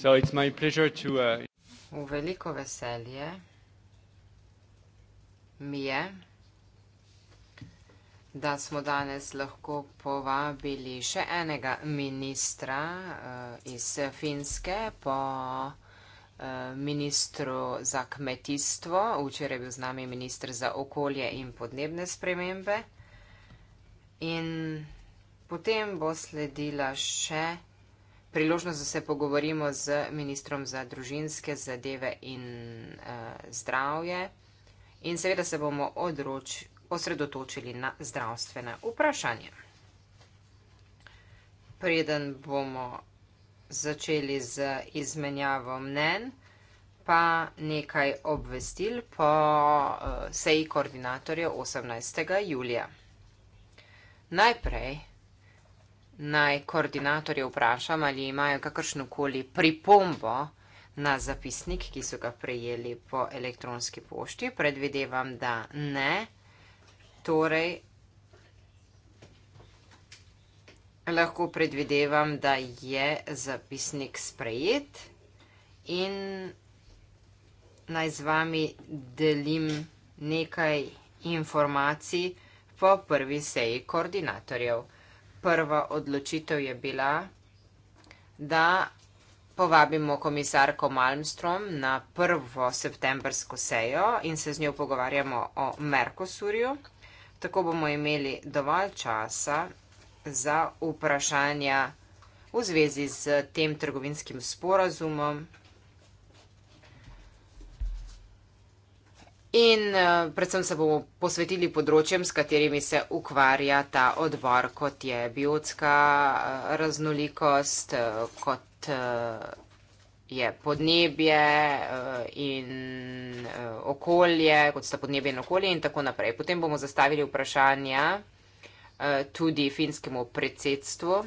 So it's my pleasure to. Uh... V veliko veselje mi je, da smo danes lahko povabili še enega ministra uh, iz Finske po uh, ministru za kmetijstvo. Včeraj je bil z nami ministr za okolje in podnebne spremembe. In potem bo sledila še priložnost, da se pogovorimo z ministrom za družinske zadeve in uh, zdravje. In seveda se bomo odroč, osredotočili na zdravstvene vprašanje. Preden bomo začeli z izmenjavo mnen, pa nekaj obvestil po uh, seji koordinatorjev 18. julija. Najprej naj koordinatorje vprašam, ali imajo kakršno koli pripombo na zapisnik, ki so ga prejeli po elektronski pošti. Predvidevam, da ne. Torej, lahko predvidevam, da je zapisnik sprejet in naj z vami delim nekaj informacij po prvi seji koordinatorjev prva odločitev je bila, da povabimo komisarko Malmstrom na prvo septembrsko sejo in se z njo pogovarjamo o Merkosurju. Tako bomo imeli dovolj časa za vprašanja v zvezi z tem trgovinskim sporazumom. In eh, predvsem se bomo posvetili področjem, s katerimi se ukvarja ta odbor, kot je biotska eh, raznolikost, eh, kot je podnebje in okolje, kot sta podnebje in okolje in tako naprej. Potem bomo zastavili vprašanja tudi finskemu predsedstvu.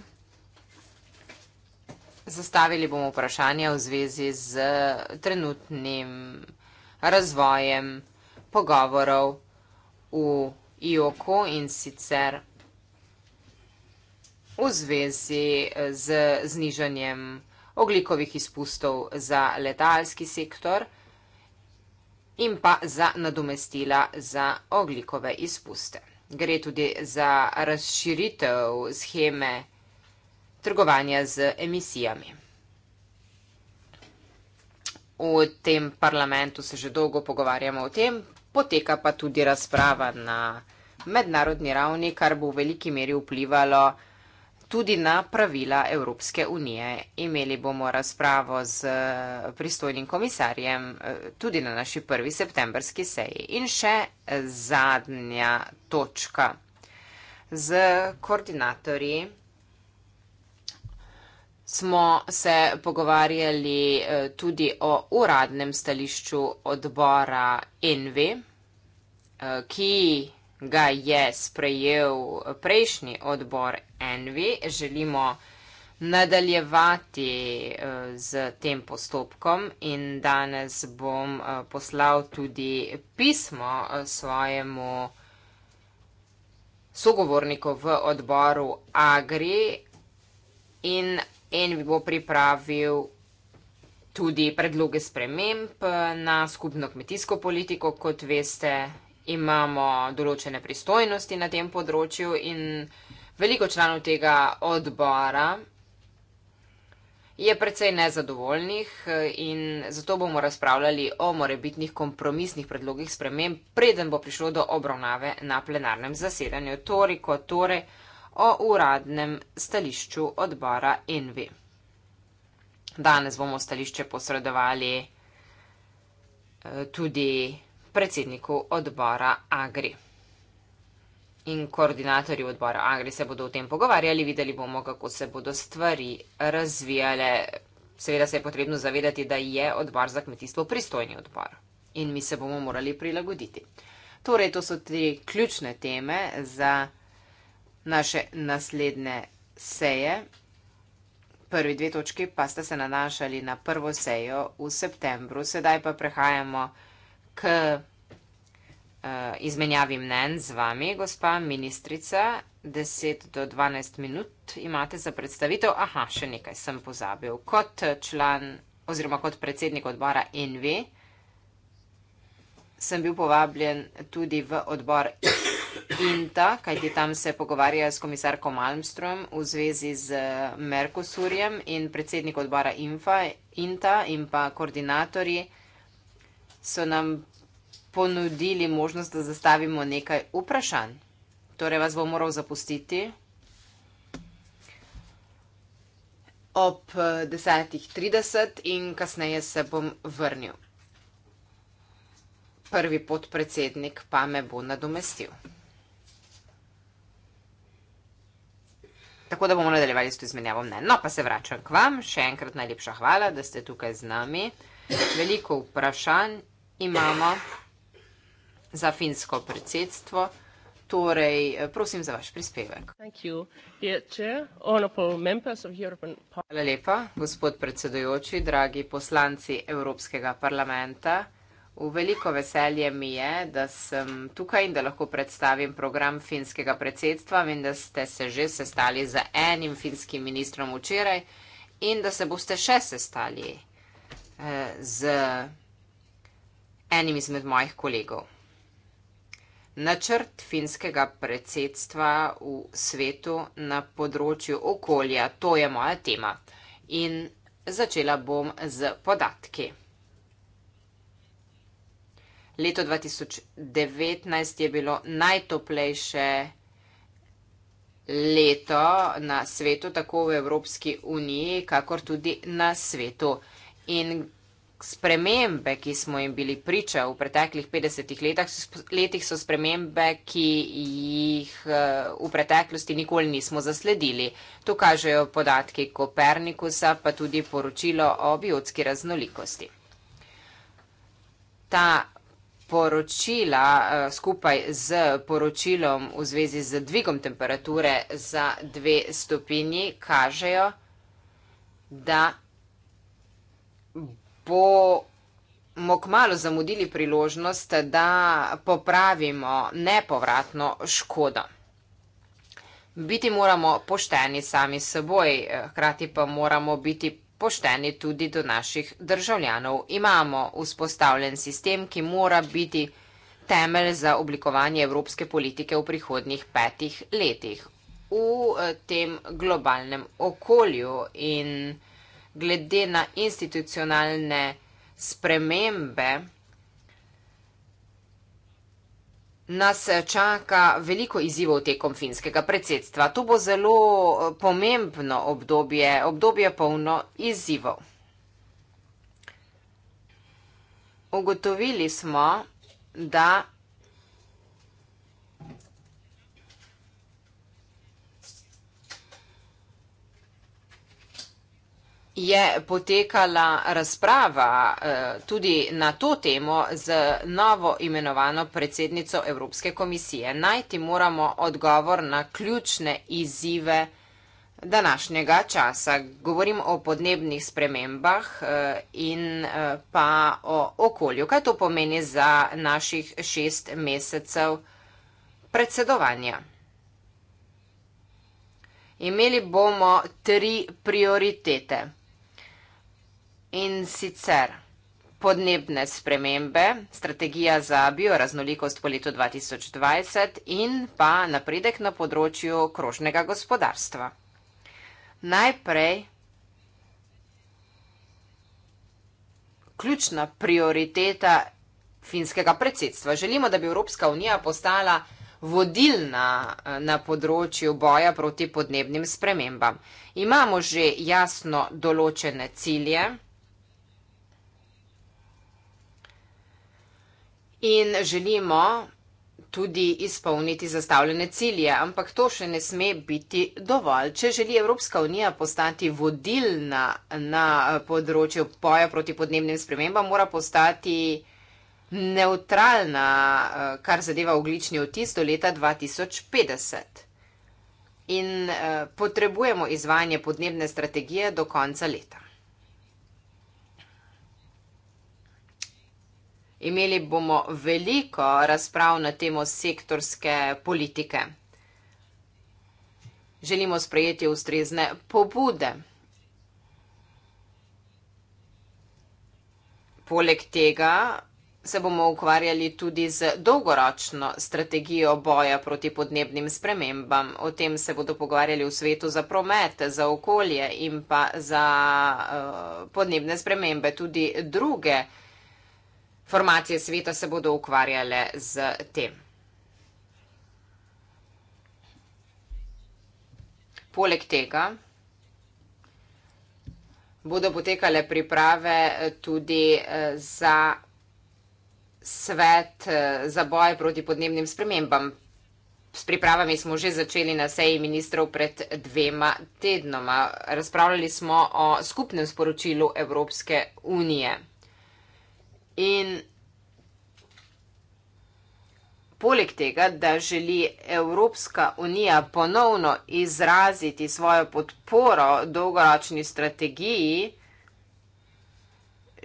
Zastavili bomo vprašanja v zvezi z trenutnim razvojem pogovorov v IOKO in sicer v zvezi z znižanjem oglikovih izpustov za letalski sektor in pa za nadomestila za oglikove izpuste. Gre tudi za razširitev scheme trgovanja z emisijami. V tem parlamentu se že dolgo pogovarjamo o tem, poteka pa tudi razprava na mednarodni ravni, kar bo v veliki meri vplivalo tudi na pravila Evropske unije. Imeli bomo razpravo z pristojnim komisarjem eh, tudi na naši prvi septembrski seji. In še zadnja točka z koordinatorji smo se pogovarjali eh, tudi o uradnem stališču odbora NV, eh, ki ga je sprejel prejšnji odbor NV. Želimo nadaljevati z eh, tem postopkom in danes bom poslal tudi pismo svojemu sogovorniku v odboru Agri in in mi bo pripravil tudi predloge sprememb na skupno kmetijsko politiko. Kot veste, imamo določene pristojnosti na tem področju in veliko članov tega odbora je precej nezadovoljnih in zato bomo razpravljali o morebitnih kompromisnih predlogih sprememb, preden bo prišlo do obravnave na plenarnem zasedanju. Toriko, torej, torej o uradnem stališču odbora Envi. Danes bomo stališče posredovali eh, tudi predsedniku odbora Agri. In koordinatorji odbora Agri se bodo o tem pogovarjali, videli bomo, kako se bodo stvari razvijale. Seveda se je potrebno zavedati, da je odbor za kmetijstvo pristojni odbor in mi se bomo morali prilagoditi. Torej, to so tri ključne teme za naše naslednje seje. Prvi dve točki pa sta se nanašali na prvo sejo v septembru, sedaj pa prehajamo k uh, izmenjavi mnen z vami, gospa ministrica. 10 do 12 minut imate za predstavitev. Aha, še nekaj sem pozabil. Kot član oziroma kot predsednik odbora NV sem bil povabljen tudi v odbor in ta, kajti tam se pogovarjajo s komisarko Malmström v zvezi z eh, Merkusurjem in predsednik odbora Infa, INTA in pa koordinatorji so nam ponudili možnost, da zastavimo nekaj vprašanj. Torej vas bom moral zapustiti ob 10.30 eh, in kasneje se bom vrnil. Prvi podpredsednik pa me bo nadomestil. Tako da bomo nadaljevali s to izmenjavo mnen. No, pa se vračam k vam. Še enkrat najlepša hvala, da ste tukaj z nami. Veliko vprašanj imamo za finsko predsedstvo. Torej, eh, prosim za vaš prispevek. Hvala lepa, gospod predsedujoči, dragi poslanci Evropskega parlamenta. V veliko veselje mi je, da sem tukaj in da lahko predstavim program finskega predsedstva in da ste se že sestali z enim finskim ministrom včeraj in da se boste še sestali eh, z enim izmed mojih kolegov. Načrt finskega predsedstva v svetu na področju okolja, to je moja tema. In začela bom z podatki. Leto 2019 je bilo najtoplejše leto na svetu, tako v Evropski uniji, kakor tudi na svetu. In spremembe, ki smo jim bili priča v preteklih 50 letah, letih, so spremembe, ki jih v preteklosti nikoli nismo zasledili. To kažejo podatki Kopernikusa, pa tudi poročilo o biotski raznolikosti. Ta poročila eh, skupaj z poročilom v zvezi z dvigom temperature za dve stopinji kažejo, da bomo kmalo zamudili priložnost, da popravimo nepovratno škodo. Biti moramo pošteni sami s seboj, eh, hkrati pa moramo biti pošteni tudi do naših državljanov. Imamo vzpostavljen sistem, ki mora biti temelj za oblikovanje evropske politike v prihodnjih petih letih. V eh, tem globalnem okolju in glede na institucionalne spremembe, nas eh, čaka veliko izzivov tekom finskega predsedstva. To bo zelo eh, pomembno obdobje, obdobje polno izzivov. Ugotovili smo, da je potekala razprava eh, tudi na to temo z novo imenovano predsednico Evropske komisije. Najti moramo odgovor na ključne izzive današnjega časa. Govorim o podnebnih spremembah eh, in eh, pa o okolju. Kaj to pomeni za naših šest mesecev predsedovanja? Imeli bomo tri prioritete in sicer podnebne spremembe, strategija za bioraznolikost po letu 2020 in pa napredek na področju krožnega gospodarstva. Najprej ključna prioriteta finskega predsedstva. Želimo, da bi Evropska unija postala vodilna eh, na področju boja proti podnebnim spremembam. Imamo že jasno določene cilje, in želimo tudi izpolniti zastavljene cilje, ampak to še ne sme biti dovolj. Če želi Evropska unija postati vodilna na področju poja proti podnebnim spremembam, mora postati neutralna, eh, kar zadeva oglični vtis do leta 2050. In eh, potrebujemo izvajanje podnebne strategije do konca leta. Imeli bomo veliko razprav na temo sektorske politike. Želimo sprejeti ustrezne pobude. Poleg tega se bomo ukvarjali tudi z dolgoročno strategijo boja proti podnebnim spremembam. O tem se bodo pogovarjali v svetu za promet, za okolje in pa za uh, podnebne spremembe, tudi druge formacije sveta se bodo ukvarjale z tem. Poleg tega bodo potekale priprave eh, tudi eh, za svet eh, za boj proti podnebnim spremembam. S pripravami smo že začeli na seji ministrov pred dvema tednoma. Razpravljali smo o skupnem sporočilu Evropske unije. In poleg tega, da želi Evropska unija ponovno izraziti svojo podporo dolgoročni strategiji,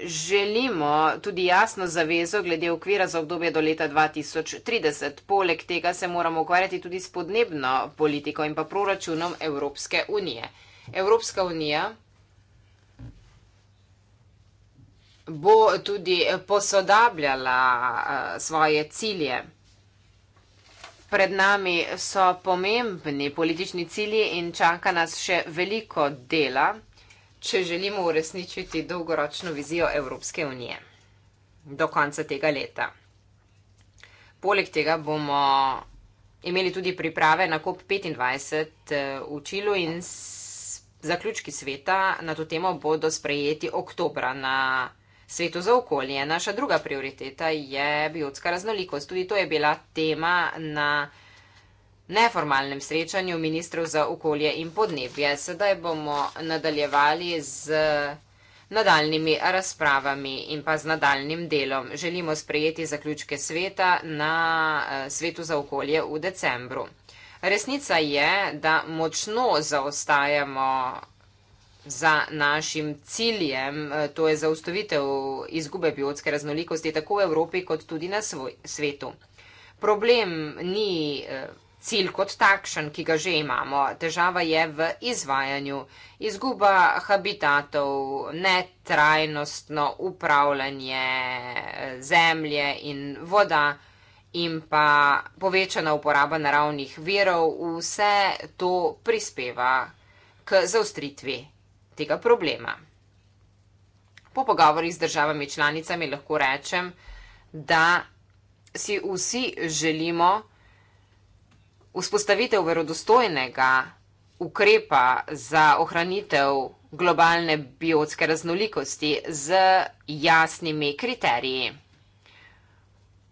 želimo tudi jasno zavezo glede okvira za obdobje do leta 2030. Poleg tega se moramo ukvarjati tudi s podnebno politiko in pa proračunom Evropske unije. Evropska unija. bo tudi posodabljala eh, svoje cilje. Pred nami so pomembni politični cilji in čaka nas še veliko dela, če želimo uresničiti dolgoročno vizijo Evropske unije do konca tega leta. Poleg tega bomo imeli tudi priprave na COP25 eh, v Čilu in zaključki sveta na to temo bodo sprejeti oktobra na svetu za okolje. Naša druga prioriteta je biotska raznolikost. Tudi to je bila tema na neformalnem srečanju ministrov za okolje in podnebje. Sedaj bomo nadaljevali z nadaljnimi razpravami in pa z nadaljnim delom. Želimo sprejeti zaključke sveta na eh, svetu za okolje v decembru. Resnica je, da močno zaostajamo za našim ciljem, eh, to je zaustavitev izgube biotske raznolikosti tako v Evropi kot tudi na svoj, svetu. Problem ni eh, cilj kot takšen, ki ga že imamo, težava je v izvajanju. Izguba habitatov, netrajnostno upravljanje eh, zemlje in voda in pa povečana uporaba naravnih virov, vse to prispeva k zaustritvi tega problema. Po pogovorih z državami članicami lahko rečem, da si vsi želimo vzpostavitev verodostojnega ukrepa za ohranitev globalne biotske raznolikosti z jasnimi kriteriji.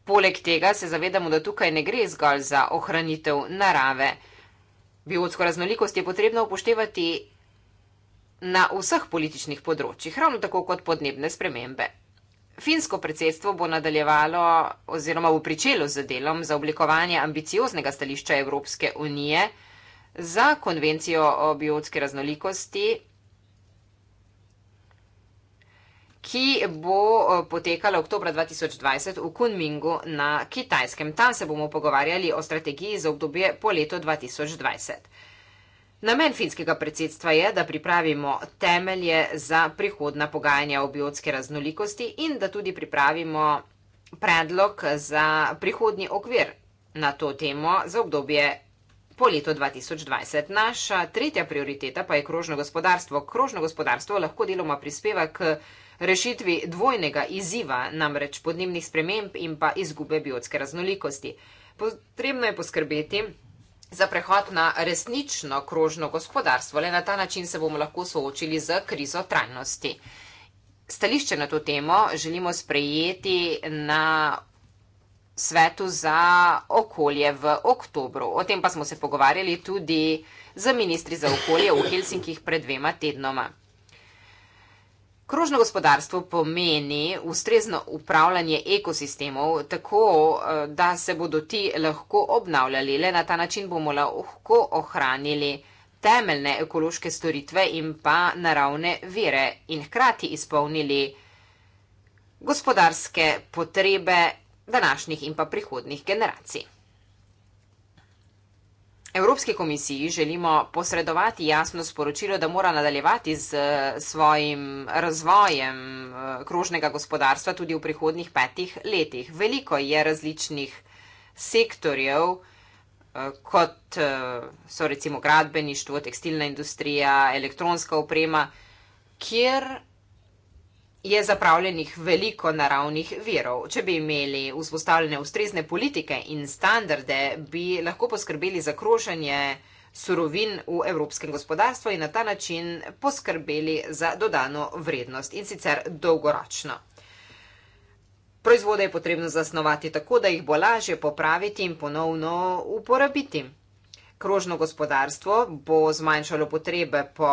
Poleg tega se zavedamo, da tukaj ne gre zgolj za ohranitev narave. Biotsko raznolikost je potrebno upoštevati na vseh političnih področjih, ravno tako kot podnebne spremembe. Finsko predsedstvo bo nadaljevalo oziroma bo pričelo z delom za oblikovanje ambicioznega stališča Evropske unije za konvencijo o biotski raznolikosti, ki bo eh, potekala oktober 2020 v Kunmingu na Kitajskem. Tam se bomo pogovarjali o strategiji za obdobje po letu 2020. Namen finskega predsedstva je, da pripravimo temelje za prihodna pogajanja o biotske raznolikosti in da tudi pripravimo predlog za prihodni okvir na to temo za obdobje po letu 2020. Naša tretja prioriteta pa je krožno gospodarstvo. Krožno gospodarstvo lahko deloma prispeva k rešitvi dvojnega izziva, namreč podnebnih sprememb in pa izgube biotske raznolikosti. Potrebno je poskrbeti, za prehod na resnično krožno gospodarstvo. Le na ta način se bomo lahko soočili z krizo trajnosti. Stališče na to temo želimo sprejeti na svetu za okolje v oktobru. O tem pa smo se pogovarjali tudi z ministri za okolje v Helsinkih pred dvema tednoma. Krožno gospodarstvo pomeni ustrezno upravljanje ekosistemov, tako eh, da se bodo ti lahko obnavljali. Le na ta način bomo lahko ohranili temeljne ekološke storitve in pa naravne vire in hkrati izpolnili gospodarske potrebe današnjih in pa prihodnih generacij. Evropski komisiji želimo posredovati jasno sporočilo, da mora nadaljevati z eh, svojim razvojem eh, krožnega gospodarstva tudi v prihodnih petih letih. Veliko je različnih sektorjev, eh, kot so recimo gradbeništvo, tekstilna industrija, elektronska oprema, kjer je zapravljenih veliko naravnih virov. Če bi imeli vzpostavljene ustrezne politike in standarde, bi lahko poskrbeli za krošanje surovin v evropskem gospodarstvu in na ta način poskrbeli za dodano vrednost in sicer dolgoročno. Proizvode je potrebno zasnovati tako, da jih bo lažje popraviti in ponovno uporabiti krožno gospodarstvo bo zmanjšalo potrebe po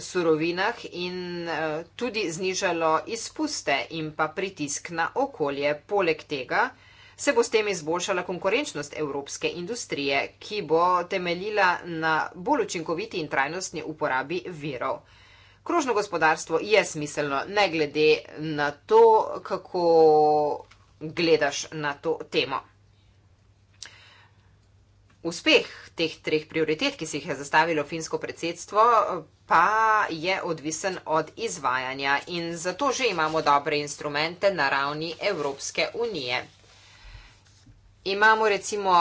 surovinah in eh, tudi znižalo izpuste in pa pritisk na okolje. Poleg tega se bo s tem izboljšala konkurenčnost evropske industrije, ki bo temeljila na bolj učinkoviti in trajnostni uporabi virov. Krožno gospodarstvo je smiselno, ne glede na to, kako gledaš na to temo. Uspeh teh treh prioritet, ki si jih je zastavilo finsko predsedstvo, pa je odvisen od izvajanja in zato že imamo dobre instrumente na ravni Evropske unije. Imamo recimo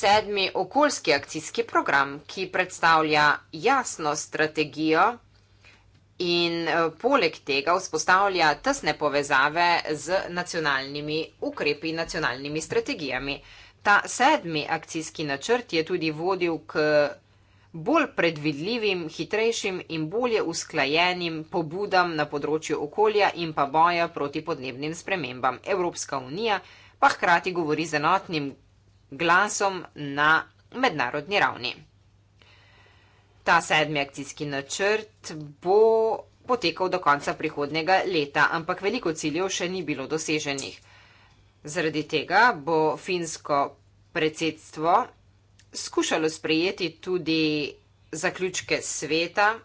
sedmi okoljski akcijski program, ki predstavlja jasno strategijo in eh, poleg tega vzpostavlja tesne povezave z nacionalnimi ukrepi, nacionalnimi strategijami. Ta sedmi akcijski načrt je tudi vodil k bolj predvidljivim, hitrejšim in bolje usklajenim pobudam na področju okolja in pa boja proti podnebnim spremembam. Evropska unija pa hkrati govori z enotnim glasom na mednarodni ravni. Ta sedmi akcijski načrt bo potekal do konca prihodnega leta, ampak veliko ciljev še ni bilo doseženih. Zaradi tega bo finsko predsedstvo skušalo sprejeti tudi zaključke sveta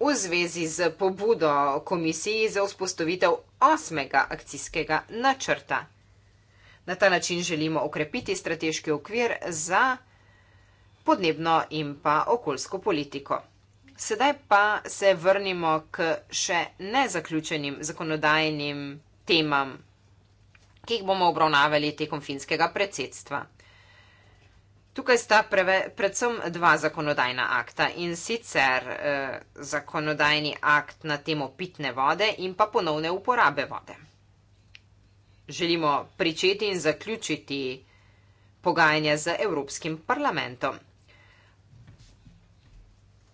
v zvezi z pobudo komisiji za vzpostavitev osmega akcijskega načrta. Na ta način želimo okrepiti strateški okvir za podnebno in pa okoljsko politiko. Sedaj pa se vrnimo k še nezaključenim zakonodajnim temam ki jih bomo obravnavali tekom finskega predsedstva. Tukaj sta preve, predvsem dva zakonodajna akta in sicer eh, zakonodajni akt na temo pitne vode in pa ponovne uporabe vode. Želimo pričeti in zaključiti pogajanja z Evropskim parlamentom.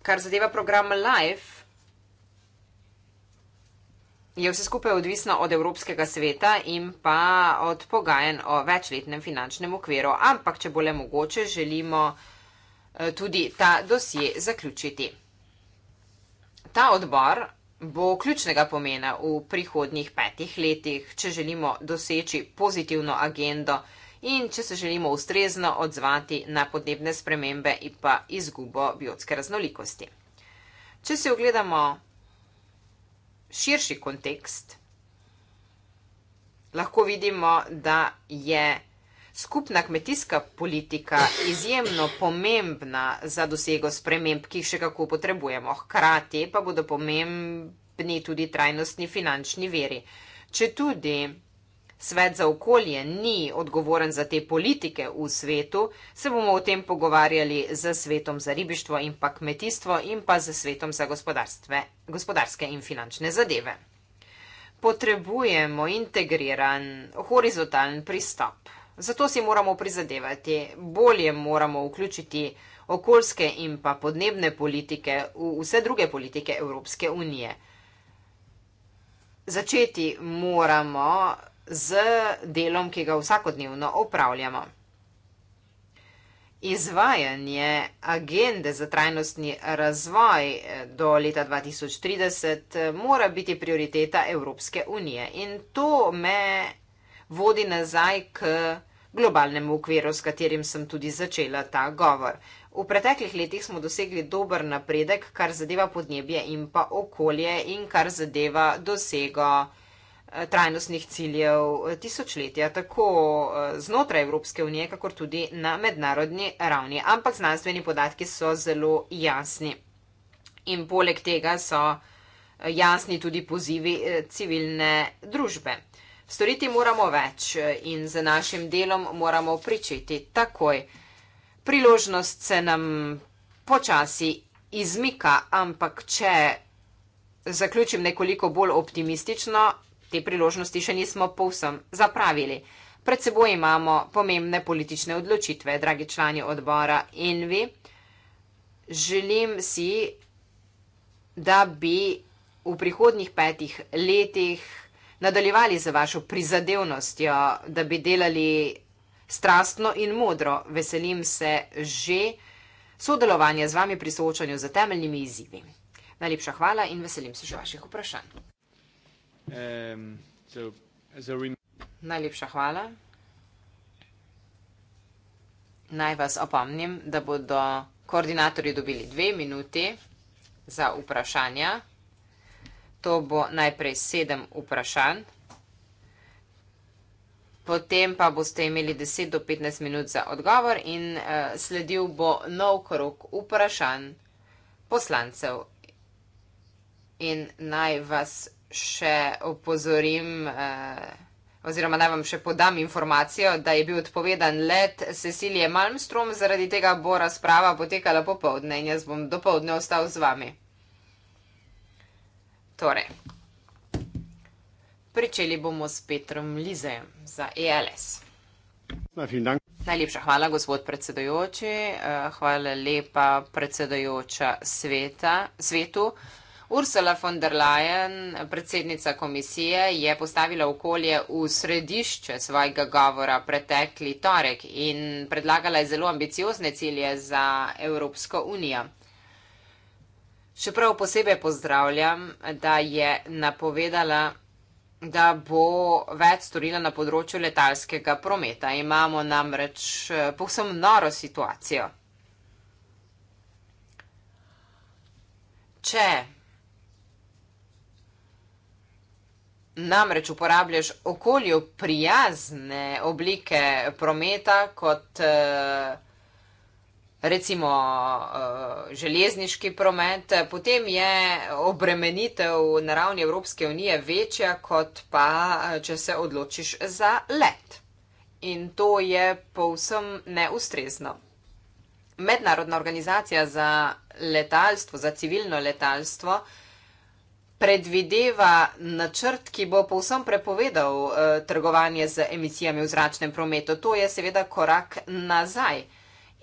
Kar zadeva program Life, Je vse skupaj odvisno od Evropskega sveta in pa od pogajen o večletnem finančnem okviru, ampak če bo le mogoče, želimo eh, tudi ta dosje zaključiti. Ta odbor bo ključnega pomena v prihodnjih petih letih, če želimo doseči pozitivno agendo in če se želimo ustrezno odzvati na podnebne spremembe in pa izgubo biotske raznolikosti. Če si ogledamo širši kontekst, lahko vidimo, da je skupna kmetijska politika izjemno pomembna za dosego sprememb, ki jih še kako potrebujemo. Hkrati pa bodo pomembni tudi trajnostni finančni veri. Če tudi svet za okolje ni odgovoren za te politike v svetu, se bomo o tem pogovarjali z svetom za ribištvo in pa kmetijstvo in pa z svetom za gospodarske in finančne zadeve. Potrebujemo integriran, horizontalen pristop. Zato si moramo prizadevati, bolje moramo vključiti okoljske in pa podnebne politike v vse druge politike Evropske unije. Začeti moramo z delom, ki ga vsakodnevno opravljamo. Izvajanje agende za trajnostni razvoj eh, do leta 2030 eh, mora biti prioriteta Evropske unije in to me vodi nazaj k globalnemu okviru, s katerim sem tudi začela ta govor. V preteklih letih smo dosegli dober napredek, kar zadeva podnebje in pa okolje in kar zadeva dosego Eh, trajnostnih ciljev eh, tisočletja, tako eh, znotraj Evropske unije, kakor tudi na mednarodni ravni. Ampak znanstveni podatki so zelo jasni. In poleg tega so jasni tudi pozivi civilne družbe. Storiti moramo več in z našim delom moramo pričeti takoj. Priložnost se nam počasi izmika, ampak če zaključim nekoliko bolj optimistično, Te priložnosti še nismo povsem zapravili. Pred seboj imamo pomembne politične odločitve, dragi člani odbora Envi. Želim si, da bi v prihodnjih petih letih nadaljevali z vašo prizadevnostjo, da bi delali strastno in modro. Veselim se že sodelovanja z vami pri soočanju z temeljnimi izzivi. Najlepša hvala in veselim se že vaših vprašanj. Um, Najlepša hvala. Naj vas opomnim, da bodo koordinatorji dobili dve minuti za vprašanja. To bo najprej sedem vprašanj. Potem pa boste imeli 10 do 15 minut za odgovor in eh, sledil bo nov krok vprašanj poslancev. In naj vas še opozorim, eh, oziroma naj vam še podam informacijo, da je bil odpovedan let Cecilije Malmstrom, zaradi tega bo razprava potekala popovdne in jaz bom dopovdne ostal z vami. Torej, pričeli bomo s Petrom Lizajem za ELS. Najlepša hvala, gospod predsedojoči. Eh, hvala lepa predsedojoča sveta, svetu. Ursula von der Leyen, predsednica komisije, je postavila okolje v središče svojega govora pretekli torek in predlagala je zelo ambiciozne cilje za Evropsko unijo. Še prav posebej pozdravljam, da je napovedala, da bo več storila na področju letalskega prometa. Imamo namreč eh, povsem noro situacijo. 切。Che. namreč uporabljaš okolju prijazne oblike prometa, kot eh, recimo eh, železniški promet, potem je obremenitev na ravni Evropske unije večja, kot pa, eh, če se odločiš za let. In to je povsem neustrezno. Mednarodna organizacija za letalstvo, za civilno letalstvo, predvideva načrt, ki bo povsem prepovedal uh, trgovanje z emisijami v zračnem prometu. To je seveda korak nazaj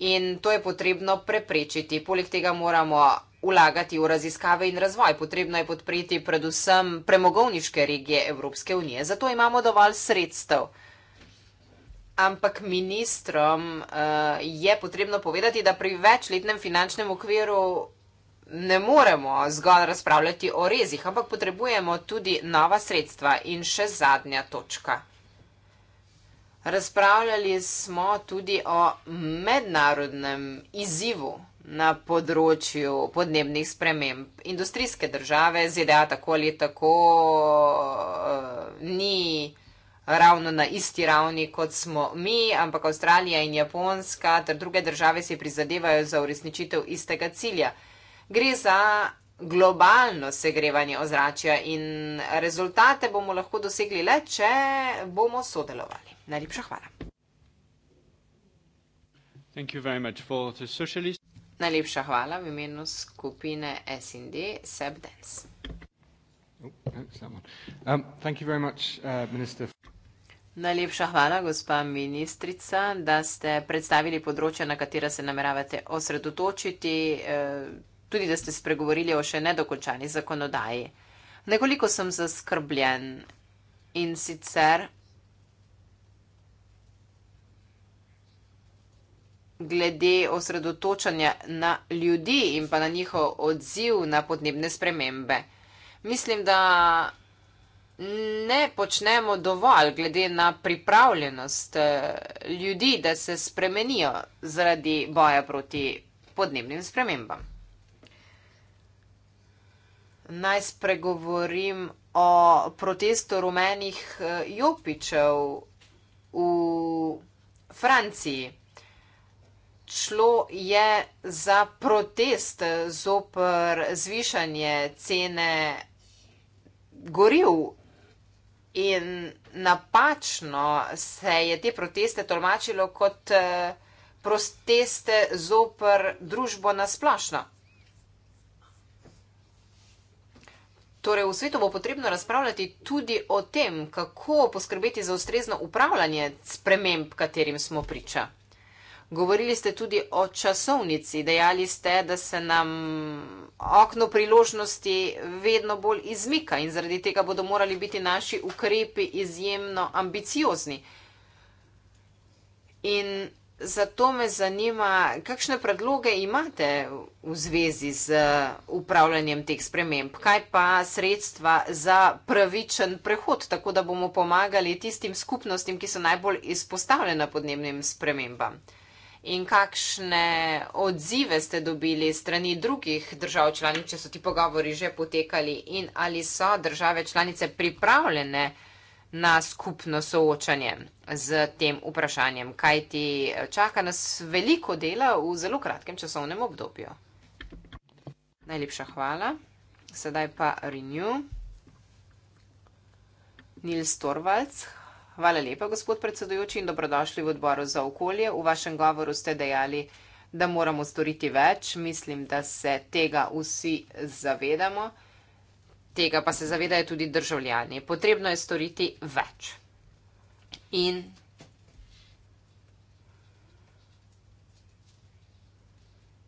in to je potrebno preprečiti. Poleg tega moramo vlagati v raziskave in razvoj. Potrebno je podpreti predvsem premogovniške regije Evropske unije. Zato imamo dovolj sredstev. Ampak ministrom uh, je potrebno povedati, da pri večletnem finančnem okviru ne moremo zgolj razpravljati o rezih, ampak potrebujemo tudi nova sredstva in še zadnja točka. Razpravljali smo tudi o mednarodnem izzivu na področju podnebnih sprememb. Industrijske države ZDA tako ali tako eh, ni ravno na isti ravni, kot smo mi, ampak Avstralija in Japonska ter druge države si prizadevajo za uresničitev istega cilja gre za globalno segrevanje ozračja in rezultate bomo lahko dosegli le, če bomo sodelovali. Najlepša hvala. Najlepša hvala v imenu skupine SND Sebdens. Oh, no, um, uh, Najlepša hvala, gospa ministrica, da ste predstavili področje, na katera se nameravate osredotočiti. Eh, tudi da ste spregovorili o še nedokončani zakonodaji. Nekoliko sem zaskrbljen in sicer glede osredotočanja na ljudi in pa na njihov odziv na podnebne spremembe. Mislim, da ne počnemo dovolj glede na pripravljenost eh, ljudi, da se spremenijo zaradi boja proti podnebnim spremembam naj spregovorim o protestu rumenih eh, jopičev v Franciji. Šlo je za protest zopr zvišanje cene goril in napačno se je te proteste tolmačilo kot eh, proteste zopr družbo nasplošno. Torej, v svetu bo potrebno razpravljati tudi o tem, kako poskrbeti za ustrezno upravljanje sprememb, katerim smo priča. Govorili ste tudi o časovnici, dejali ste, da se nam okno priložnosti vedno bolj izmika in zaradi tega bodo morali biti naši ukrepi izjemno ambiciozni. In Zato me zanima, kakšne predloge imate v zvezi z eh, upravljanjem teh sprememb? Kaj pa sredstva za pravičen prehod, tako da bomo pomagali tistim skupnostim, ki so najbolj izpostavljene podnebnim spremembam? In kakšne odzive ste dobili strani drugih držav članic, če so ti pogovori že potekali in ali so države članice pripravljene? na skupno soočanje z tem vprašanjem, kaj ti eh, čaka nas veliko dela v zelo kratkem časovnem obdobju. Najlepša hvala. Sedaj pa Renew. Nils Torvalds. Hvala lepa, gospod predsedujoči in dobrodošli v odboru za okolje. V vašem govoru ste dejali, da moramo storiti več. Mislim, da se tega vsi zavedamo tega pa se zavedajo tudi državljani. Potrebno je storiti več. In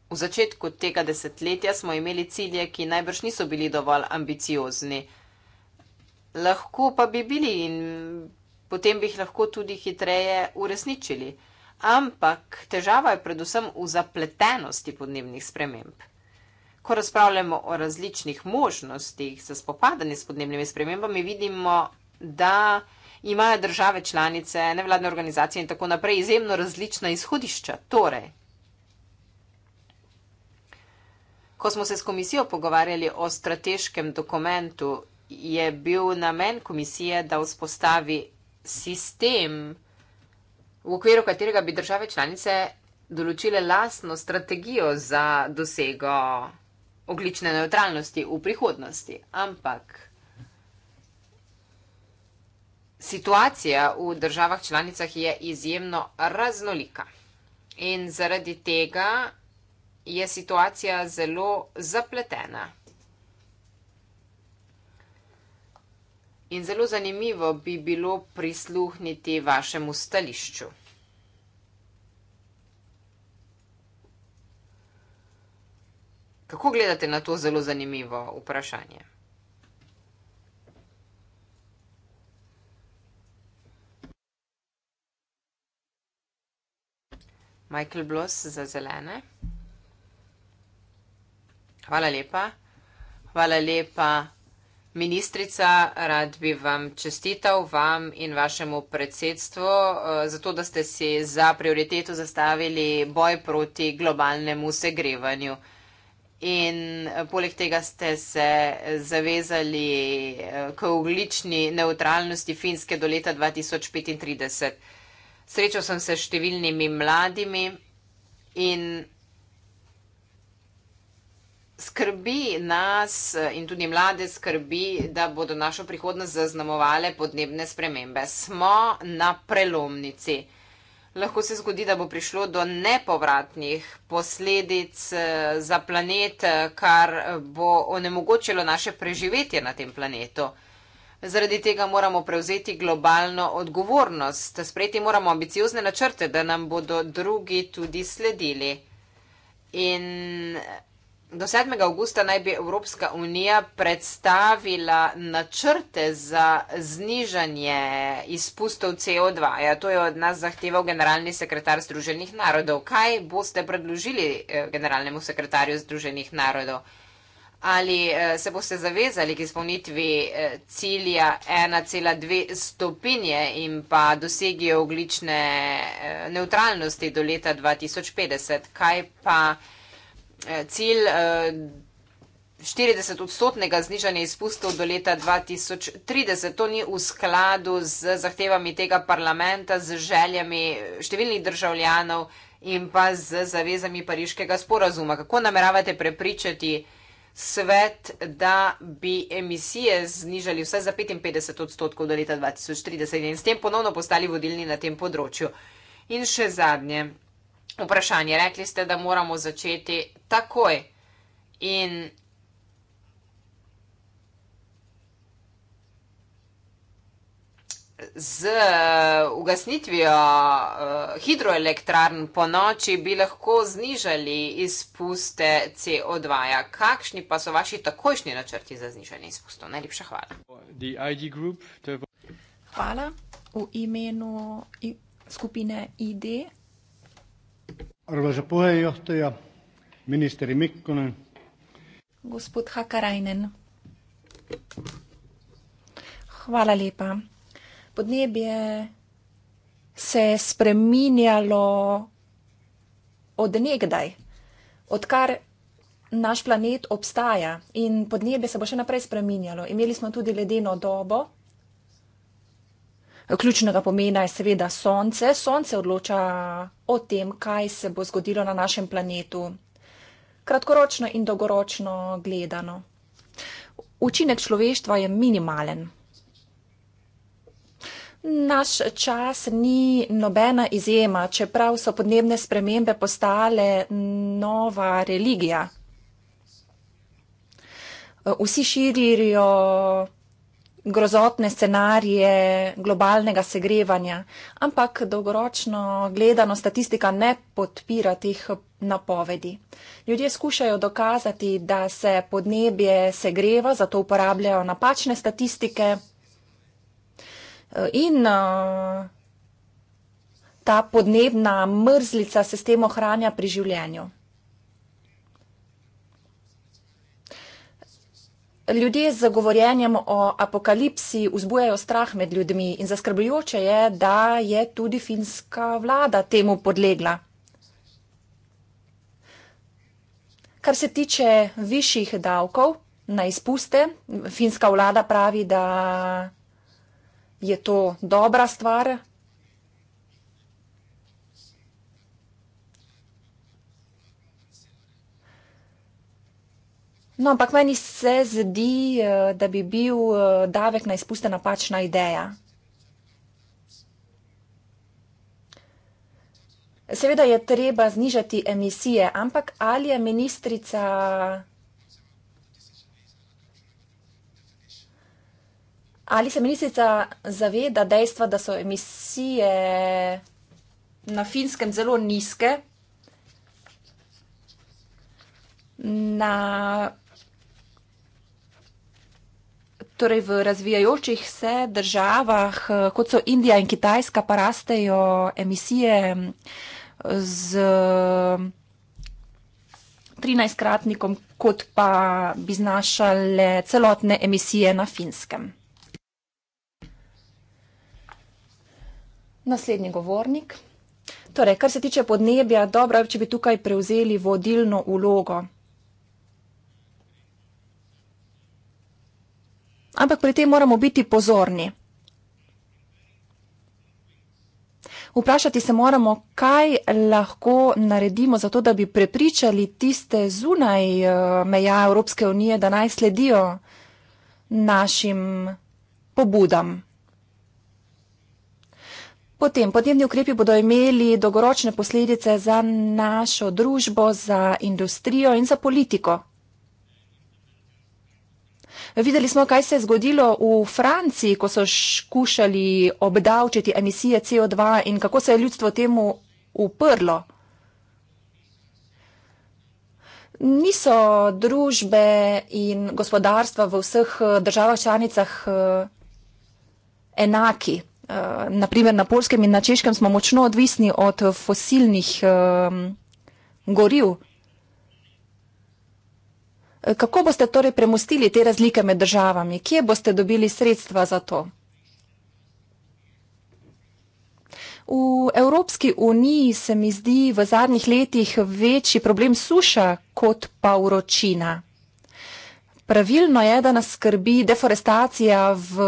v začetku tega desetletja smo imeli cilje, ki najbrž niso bili dovolj ambiciozni. Lahko pa bi bili in potem bi jih lahko tudi hitreje uresničili. Ampak težava je predvsem v zapletenosti podnebnih sprememb. Ko razpravljamo o različnih možnostih za spopadanje s podnebnimi spremembami, vidimo, da imajo države članice, nevladne organizacije in tako naprej izjemno različna izhodišča. Torej, ko smo se s komisijo pogovarjali o strateškem dokumentu, je bil namen komisije, da vzpostavi sistem, v okviru katerega bi države članice določile lastno strategijo za dosego oglične neutralnosti v prihodnosti, ampak situacija v državah članicah je izjemno raznolika. In zaradi tega je situacija zelo zapletena. In zelo zanimivo bi bilo prisluhniti vašemu stališču. Kako gledate na to zelo zanimivo vprašanje? Michael Bloss za zelene. Hvala lepa. Hvala lepa, ministrica. Rad bi vam čestital vam in vašemu predsedstvu, eh, zato da ste si za prioriteto zastavili boj proti globalnemu segrevanju. In eh, poleg tega ste se zavezali eh, k oglični neutralnosti Finske do leta 2035. Srečal sem se s številnimi mladimi in skrbi nas eh, in tudi mlade skrbi, da bodo našo prihodnost zaznamovale podnebne spremembe. Smo na prelomnici lahko se zgodi, da bo prišlo do nepovratnih posledic eh, za planet, eh, kar bo onemogočilo naše preživetje na tem planetu. Zaradi tega moramo prevzeti globalno odgovornost, sprejeti moramo ambiciozne načrte, da nam bodo drugi tudi sledili. In Do 7. avgusta naj bi Evropska unija predstavila načrte za znižanje izpustov CO2. Ja, to je od nas zahteval generalni sekretar Združenih narodov. Kaj boste predložili eh, generalnemu sekretarju Združenih narodov? Ali eh, se boste zavezali k izpolnitvi eh, cilja 1,2 stopinje in pa dosegijo oglične neutralnosti do leta 2050? Kaj pa Eh, cilj 40 eh, odstotnega znižanja izpustov do leta 2030. To ni v skladu z zahtevami tega parlamenta, z željami številnih državljanov in pa z zavezami pariškega sporazuma. Kako nameravate prepričati svet, da bi emisije znižali vse za 55 odstotkov do leta 2030 in s tem ponovno postali vodilni na tem področju? In še zadnje vprašanje. Rekli ste, da moramo začeti takoj. In z eh, ugasnitvijo eh, hidroelektrarn po noči bi lahko znižali izpuste CO2. -ja. Kakšni pa so vaši takojšnji načrti za znižanje izpustov? Najlepša hvala. Hvala. V imenu skupine ID Arvoisa puheenjohtaja, ministeri Mikkonen. Gospod Hakarainen. Hvala lepa. Podnebje se je spreminjalo od nekdaj, odkar naš planet obstaja in podnebje se bo še naprej spreminjalo. Imeli smo tudi ledeno dobo, Ključnega pomena je seveda Sonce. Sonce odloča o tem, kaj se bo zgodilo na našem planetu, kratkoročno in dolgoročno gledano. Učinek človeštva je minimalen. Naš čas ni nobena izjema, čeprav so podnebne spremembe postale nova religija. Vsi širijo grozotne scenarije globalnega segrevanja, ampak dolgoročno gledano statistika ne podpira teh napovedi. Ljudje skušajo dokazati, da se podnebje segreva, zato uporabljajo napačne statistike in uh, ta podnebna mrzlica se s tem ohranja pri življenju. Ljudje z zagovorjenjem o apokalipsi vzbujajo strah med ljudmi in zaskrbljujoče je, da je tudi finska vlada temu podlegla. Kar se tiče višjih davkov na izpuste, finska vlada pravi, da je to dobra stvar, No, ampak meni se zdi, eh, da bi bil eh, davek na izpuste napačna ideja. Seveda je treba znižati emisije, ampak ali je ministrica ali se ministrica zaveda dejstva, da so emisije na finskem zelo nizke? Na Torej v razvijajočih se državah, eh, kot so Indija in Kitajska, pa rastejo emisije mm, z 13-kratnikom, mm, kot pa bi znašale celotne emisije na finskem. Naslednji govornik. Torej, kar se tiče podnebja, dobro je, če bi tukaj prevzeli vodilno ulogo. Ampak pri tem moramo biti pozorni. Vprašati se moramo, kaj lahko naredimo za to, da bi prepričali tiste zunaj eh, meja Evropske unije, da naj sledijo našim pobudam. Potem podnebni ukrepi bodo imeli dolgoročne posledice za našo družbo, za industrijo in za politiko. Videli smo, kaj se je zgodilo v Franciji, ko so skušali obdavčiti emisije CO2 in kako se je ljudstvo temu uprlo. Niso družbe in gospodarstva v vseh eh, državah članicah eh, enaki. Naprimer eh, na polskem in na češkem smo močno odvisni od fosilnih goriv. Kako boste torej premustili te razlike med državami? Kje boste dobili sredstva za to? V Evropski uniji se mi zdi v zadnjih letih večji problem suša kot pa vročina. Pravilno je, da nas skrbi deforestacija v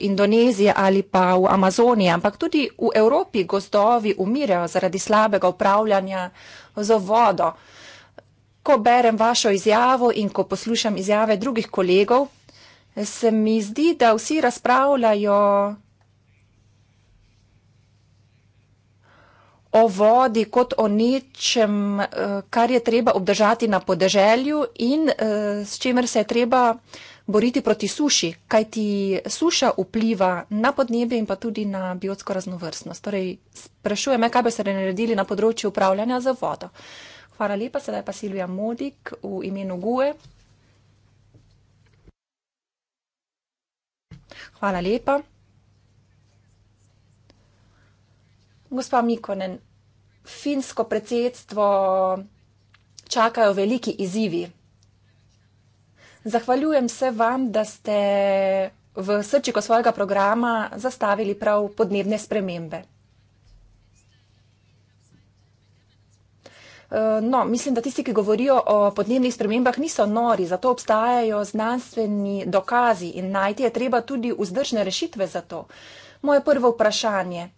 Indoneziji ali pa v Amazoniji, ampak tudi v Evropi gozdovi umirajo zaradi slabega upravljanja z vodo ko berem vašo izjavo in ko poslušam izjave drugih kolegov, se mi zdi, da vsi razpravljajo o vodi kot o nečem, eh, kar je treba obdržati na podeželju in eh, s čimer se je treba boriti proti suši, kaj ti suša vpliva na podnebje in pa tudi na biotsko raznovrstnost. Torej, sprašujem me, kaj bi se naredili na področju upravljanja za vodo. Uh, Hvala lepa, sedaj pa Silvija Modik v imenu GUE. Hvala lepa. Gospa Mikonen, finsko predsedstvo čakajo veliki izzivi. Zahvaljujem se vam, da ste v srčiko svojega programa zastavili prav podnebne spremembe. Eh, no, mislim, da tisti, ki govorijo o podnebnih spremembah, niso nori, zato obstajajo znanstveni dokazi in najti je treba tudi vzdržne rešitve za to. Moje prvo vprašanje.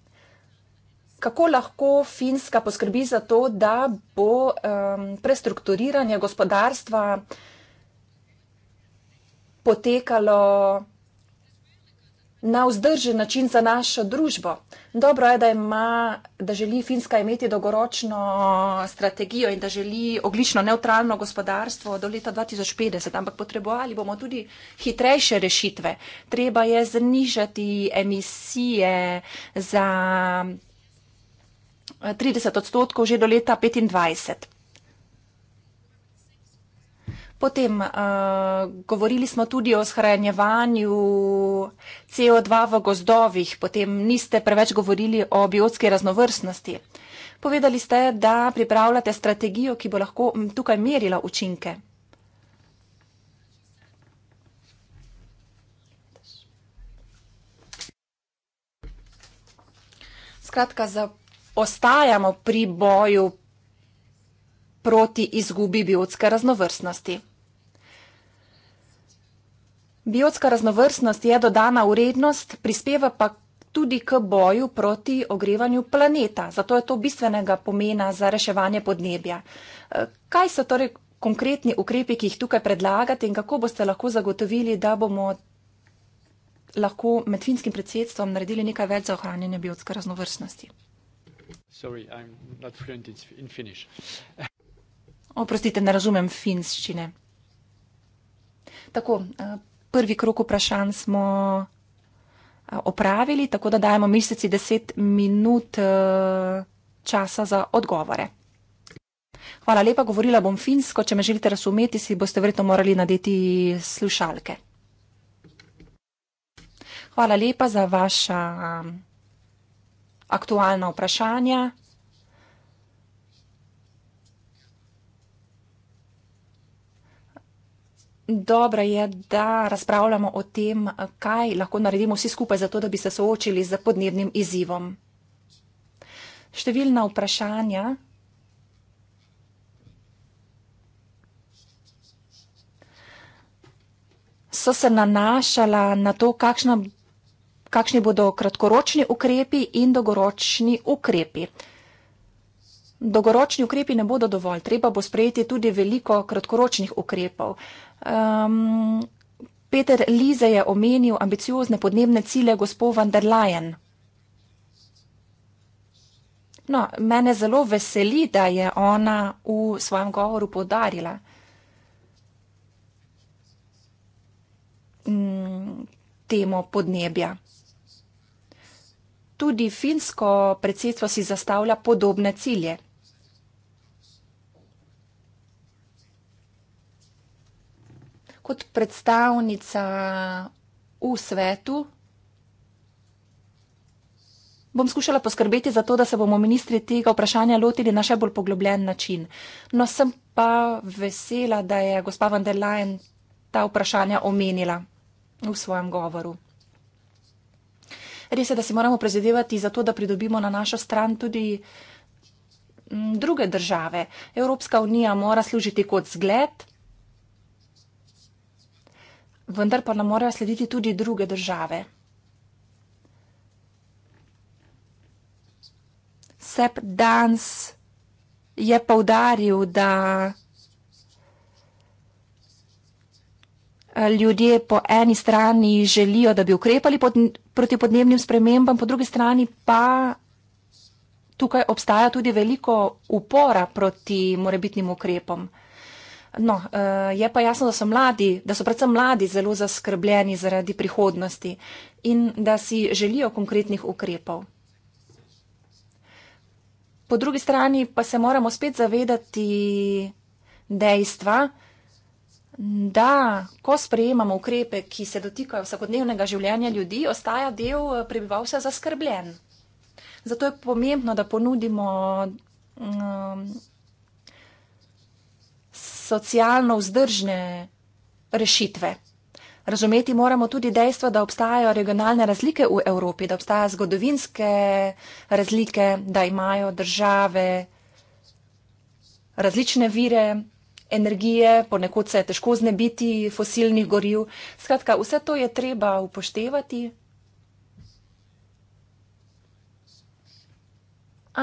Kako lahko Finska poskrbi za to, da bo um, prestrukturiranje gospodarstva potekalo na vzdržen način za našo družbo. Dobro je, da, ima, da želi Finska imeti dolgoročno strategijo in da želi oglično neutralno gospodarstvo do leta 2050, ampak potrebovali bomo tudi hitrejše rešitve. Treba je znižati emisije za 30 odstotkov že do leta 2025. Potem uh, govorili smo tudi o shranjevanju CO2 v gozdovih, potem niste preveč govorili o biotski raznovrstnosti. Povedali ste, da pripravljate strategijo, ki bo lahko tukaj merila učinke. Skratka, ostajamo pri boju proti izgubi biotske raznovrstnosti. Biotska raznovrstnost je dodana urednost, prispeva pa tudi k boju proti ogrevanju planeta. Zato je to bistvenega pomena za reševanje podnebja. E, kaj so torej konkretni ukrepi, ki jih tukaj predlagate in kako boste lahko zagotovili, da bomo lahko med finskim predsedstvom naredili nekaj več za ohranjanje biotske raznovrstnosti? Oprostite, ne razumem finščine. Tako, e, prvi krok vprašanj smo opravili, tako da dajemo mesecu 10 minut e, časa za odgovore. Hvala lepa, govorila bom finsko. Če me želite razumeti, si boste verjetno morali nadeti slušalke. Hvala lepa za vaša aktualna vprašanja. dobro je, da razpravljamo o tem, kaj lahko naredimo vsi skupaj za to, da bi se soočili z podnebnim izzivom. Številna vprašanja. So se nanašala na to, kakšna, kakšni bodo kratkoročni ukrepi in dolgoročni ukrepi. Dolgoročni ukrepi ne bodo dovolj, treba bo sprejeti tudi veliko kratkoročnih ukrepov. Uh, Um, Peter Lize je omenil ambiciozne podnebne cilje gospo van der Leyen. No, mene zelo veseli, da je ona v svojem govoru podarila. Mm, temo podnebja. Tudi finsko predsedstvo si zastavlja podobne cilje. kot predstavnica v svetu. Bom skušala poskrbeti za to, da se bomo ministri tega vprašanja lotili na še bolj poglobljen način. No, sem pa vesela, da je gospa van der Leyen ta vprašanja omenila v svojem govoru. Res je, da si moramo prizadevati za to, da pridobimo na našo stran tudi mm, druge države. Evropska unija mora služiti kot zgled vendar pa nam morajo slediti tudi druge države. Sep Dans je povdaril, da eh, ljudje po eni strani želijo, da bi ukrepali pod, proti podnebnim spremembam, po drugi strani pa tukaj obstaja tudi veliko upora proti morebitnim ukrepom. No, eh, je pa jasno, da so mladi, da so predvsem mladi zelo zaskrbljeni zaradi prihodnosti in da si želijo konkretnih ukrepov. Po drugi strani pa se moramo spet zavedati dejstva, da ko sprejemamo ukrepe, ki se dotikajo vsakodnevnega življenja ljudi, ostaja del eh, prebivalstva zaskrbljen. Zato je pomembno, da ponudimo. Um, socialno vzdržne rešitve. Razumeti moramo tudi dejstvo, da obstajajo regionalne razlike v Evropi, da obstajajo zgodovinske razlike, da imajo države različne vire energije, ponekod se je težko znebiti fosilnih goril. Skratka, vse to je treba upoštevati.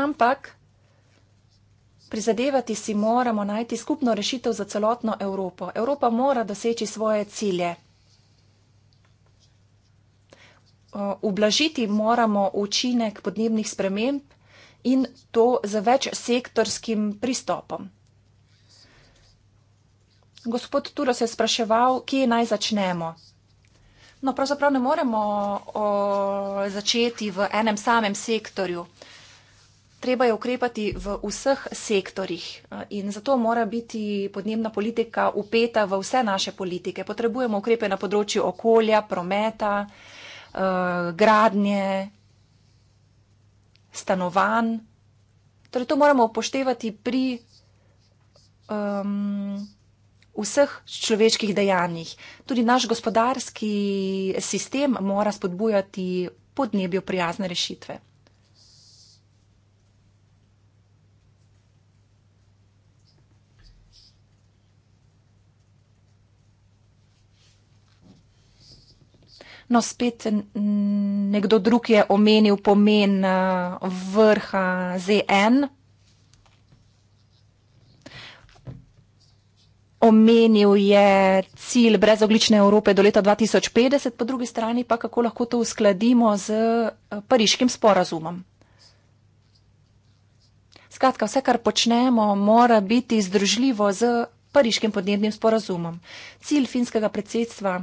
Ampak Prizadevati si moramo najti skupno rešitev za celotno Evropo. Evropa mora doseči svoje cilje. Ublažiti moramo učinek podnebnih sprememb in to z več sektorskim pristopom. Gospod Turo se je spraševal, kje naj začnemo. No, pravzaprav ne moremo o, začeti v enem samem sektorju treba je ukrepati v vseh sektorjih eh, in zato mora biti podnebna politika upeta v vse naše politike. Potrebujemo ukrepe na področju okolja, prometa, eh, gradnje, stanovanj. Torej, to moramo upoštevati pri um, vseh človeških dejanjih. Tudi naš gospodarski sistem mora spodbujati podnebju prijazne rešitve. No, spet nekdo drug je omenil pomen eh, vrha ZN. Omenil je cilj brezoglične Evrope do leta 2050, po drugi strani pa kako lahko to uskladimo z eh, pariškim sporazumom. Skratka, vse, kar počnemo, mora biti združljivo z pariškim podnebnim sporazumom. Cilj finskega predsedstva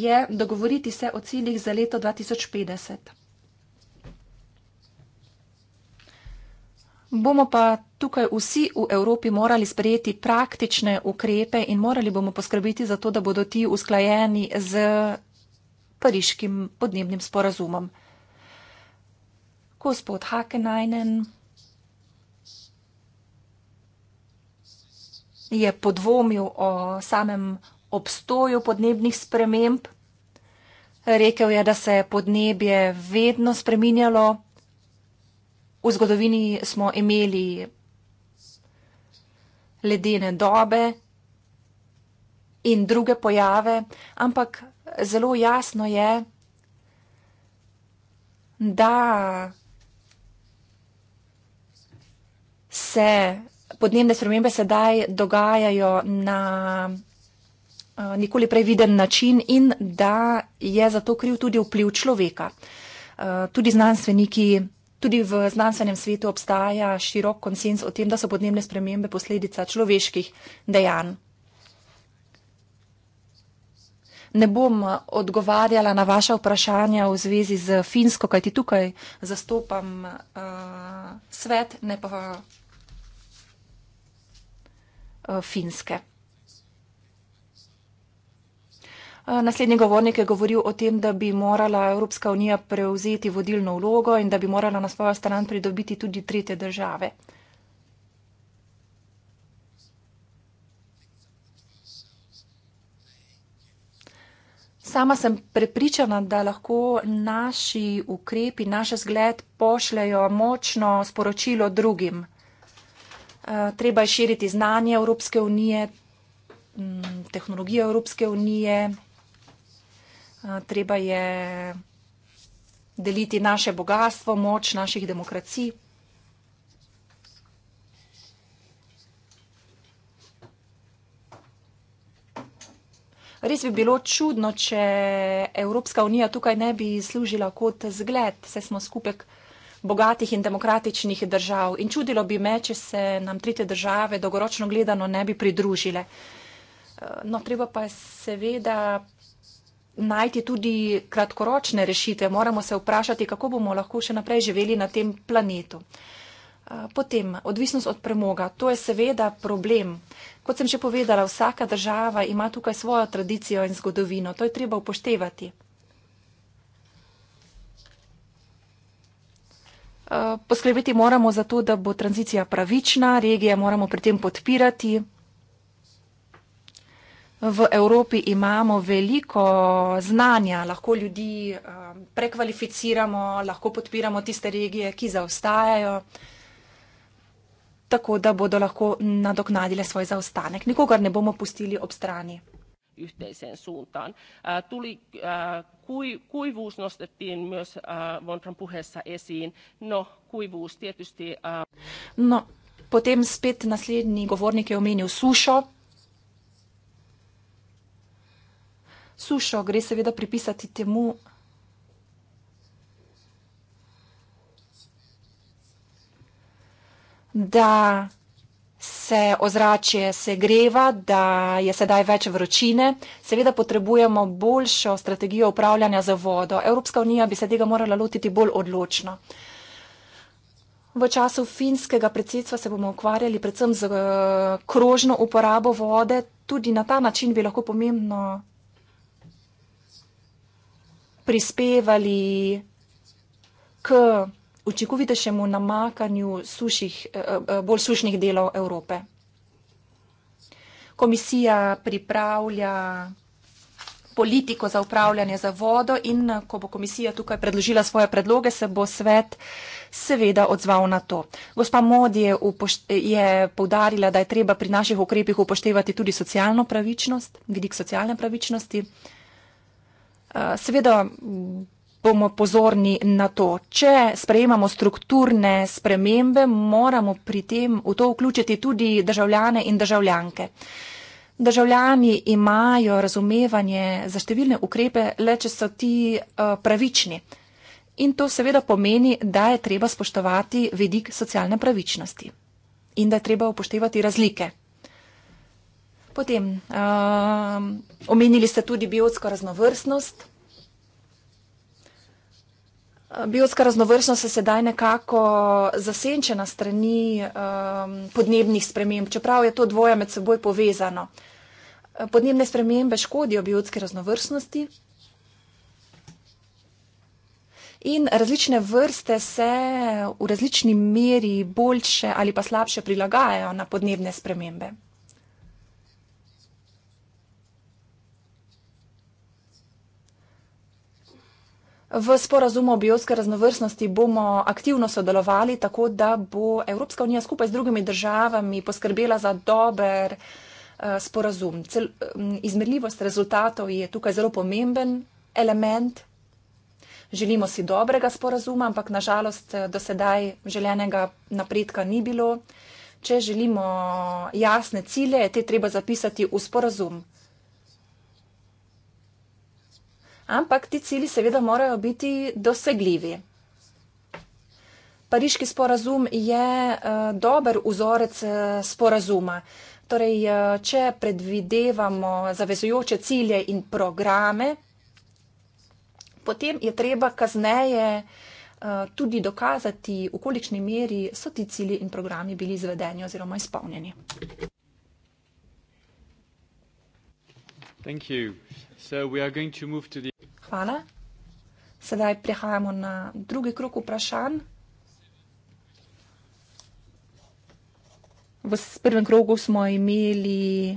je dogovoriti se o ciljih za leto 2050. Bomo pa tukaj vsi v Evropi morali sprejeti praktične ukrepe in morali bomo poskrbeti za to, da bodo ti usklajeni z pariškim podnebnim sporazumom. Gospod Hakenajnen je podvomil o samem obstoju podnebnih sprememb. Rekel je, da se je podnebje vedno spreminjalo. V zgodovini smo imeli ledene dobe in druge pojave, ampak zelo jasno je, da se podnebne spremembe sedaj dogajajo na Eh, nikoli prej viden način in da je za to kriv tudi vpliv človeka. Eh, tudi znanstveniki, tudi v znanstvenem svetu obstaja širok konsens o tem, da so podnebne spremembe posledica človeških dejanj. Ne bom eh, odgovarjala na vaše vprašanja v zvezi z Finsko, kajti tukaj zastopam uh, svet, ne pa uh, Finske. Naslednji govornik je govoril o tem, da bi morala Evropska unija prevzeti vodilno vlogo in da bi morala na svojo stran pridobiti tudi trete države. Sama sem prepričana, da lahko naši ukrepi, naš zgled pošljajo močno sporočilo drugim. Eh, treba je širiti znanje Evropske unije, tehnologijo Evropske unije treba je deliti naše bogatstvo, moč naših demokracij. Res bi bilo čudno, če Evropska unija tukaj ne bi služila kot zgled, saj smo skupek bogatih in demokratičnih držav. In čudilo bi me, če se nam tretje države dolgoročno gledano ne bi pridružile. E, no, treba pa je seveda najti tudi kratkoročne rešitve, moramo se vprašati, kako bomo lahko še naprej živeli na tem planetu. Potem, odvisnost od premoga, to je seveda problem. Kot sem že povedala, vsaka država ima tukaj svojo tradicijo in zgodovino, to je treba upoštevati. Poskrbeti moramo za to, da bo tranzicija pravična, regije moramo pri tem podpirati v Evropi imamo veliko znanja, lahko ljudi um, prekvalificiramo, lahko podpiramo tiste regije, ki zaostajajo, tako da bodo lahko nadoknadile svoj zaostanek. Nikogar ne bomo pustili ob strani. yhteiseen suuntaan. Äh, tuli äh, kui, kuivuus nostettiin myös äh, Vontran puheessa esiin. No, kuivuus tietysti... Äh... No, potem spet nasledni govornik je omenil sušo, sušo gre seveda pripisati temu, da se ozračje segreva, da je sedaj več vročine. Seveda potrebujemo boljšo strategijo upravljanja z vodo. Evropska unija bi se tega morala lotiti bolj odločno. V času finskega predsedstva se bomo ukvarjali predvsem z eh, krožno uporabo vode. Tudi na ta način bi lahko pomembno prispevali k učinkovitejšemu namakanju sušjih, eh, eh, bolj sušnih delov Evrope. Komisija pripravlja politiko za upravljanje za vodo in ko bo komisija tukaj predložila svoje predloge, se bo svet seveda odzval na to. Gospa Modi je, je povdarila, da je treba pri naših ukrepih upoštevati tudi socialno pravičnost, vidik socialne pravičnosti. Eh, seveda bomo pozorni na to. Če sprejemamo strukturne spremembe, moramo pri tem v to vključiti tudi državljane in državljanke. Državljani imajo razumevanje za številne ukrepe, le če so ti eh, pravični. In to seveda pomeni, da je treba spoštovati vedik socialne pravičnosti in da je treba upoštevati razlike. Potem, um, omenili ste tudi biotsko raznovrstnost. Uh, biotska raznovrstnost je sedaj nekako zasenčena strani um, podnebnih sprememb, čeprav je to dvoje med seboj povezano. Uh, podnebne spremembe škodijo biotski raznovrstnosti. In različne vrste se v različni meri boljše ali pa slabše prilagajajo na podnebne spremembe. V sporazumu o biotske raznovrstnosti bomo aktivno sodelovali, tako da bo Evropska unija skupaj z drugimi državami poskrbela za dober eh, sporazum. Cel, mm, izmerljivost rezultatov je tukaj zelo pomemben element. Želimo si dobrega sporazuma, ampak nažalost eh, do sedaj željenega napredka ni bilo. Če želimo jasne cilje, te treba zapisati v sporazum. Ampak ti cili seveda morajo biti dosegljivi. Pariški sporazum je eh, dober vzorec eh, sporazuma. Torej, eh, če predvidevamo zavezujoče cilje in programe, potem je treba kasneje tudi dokazati, v kolikšni meri so ti cilji in programi bili izvedeni oziroma izpolnjeni. Thank you. So we are going to move to the... Hvala. Sedaj prehajamo na drugi krok vprašanj. V prvem krogu smo imeli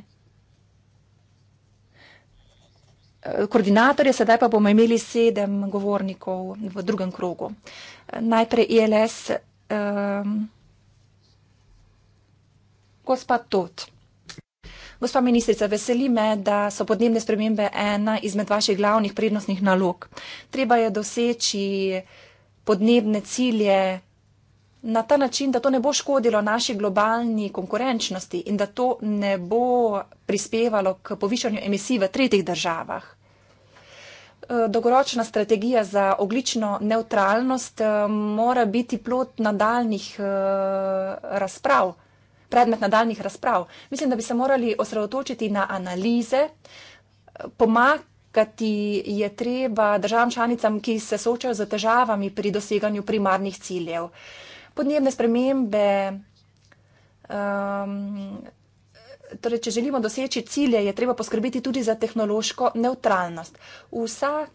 eh, koordinatorje, sedaj pa bomo imeli sedem govornikov v drugem krogu. Najprej ILS, e eh, gospod Tot. Gospa ministrica, veseli me, da so podnebne spremembe ena izmed vaših glavnih prednostnih nalog. Treba je doseči podnebne cilje na ta način, da to ne bo škodilo naši globalni konkurenčnosti in da to ne bo prispevalo k povišanju emisij v tretjih državah. E, dolgoročna strategija za oglično neutralnost e, mora biti plot nadaljnih e, razprav predmet nadaljnih razprav. Mislim, da bi se morali osredotočiti na analize, pomakati je treba državam članicam, ki se soočajo z težavami pri doseganju primarnih ciljev. Podnebne spremembe. Um, torej, če želimo doseči cilje, je treba poskrbeti tudi za tehnološko neutralnost. Vsak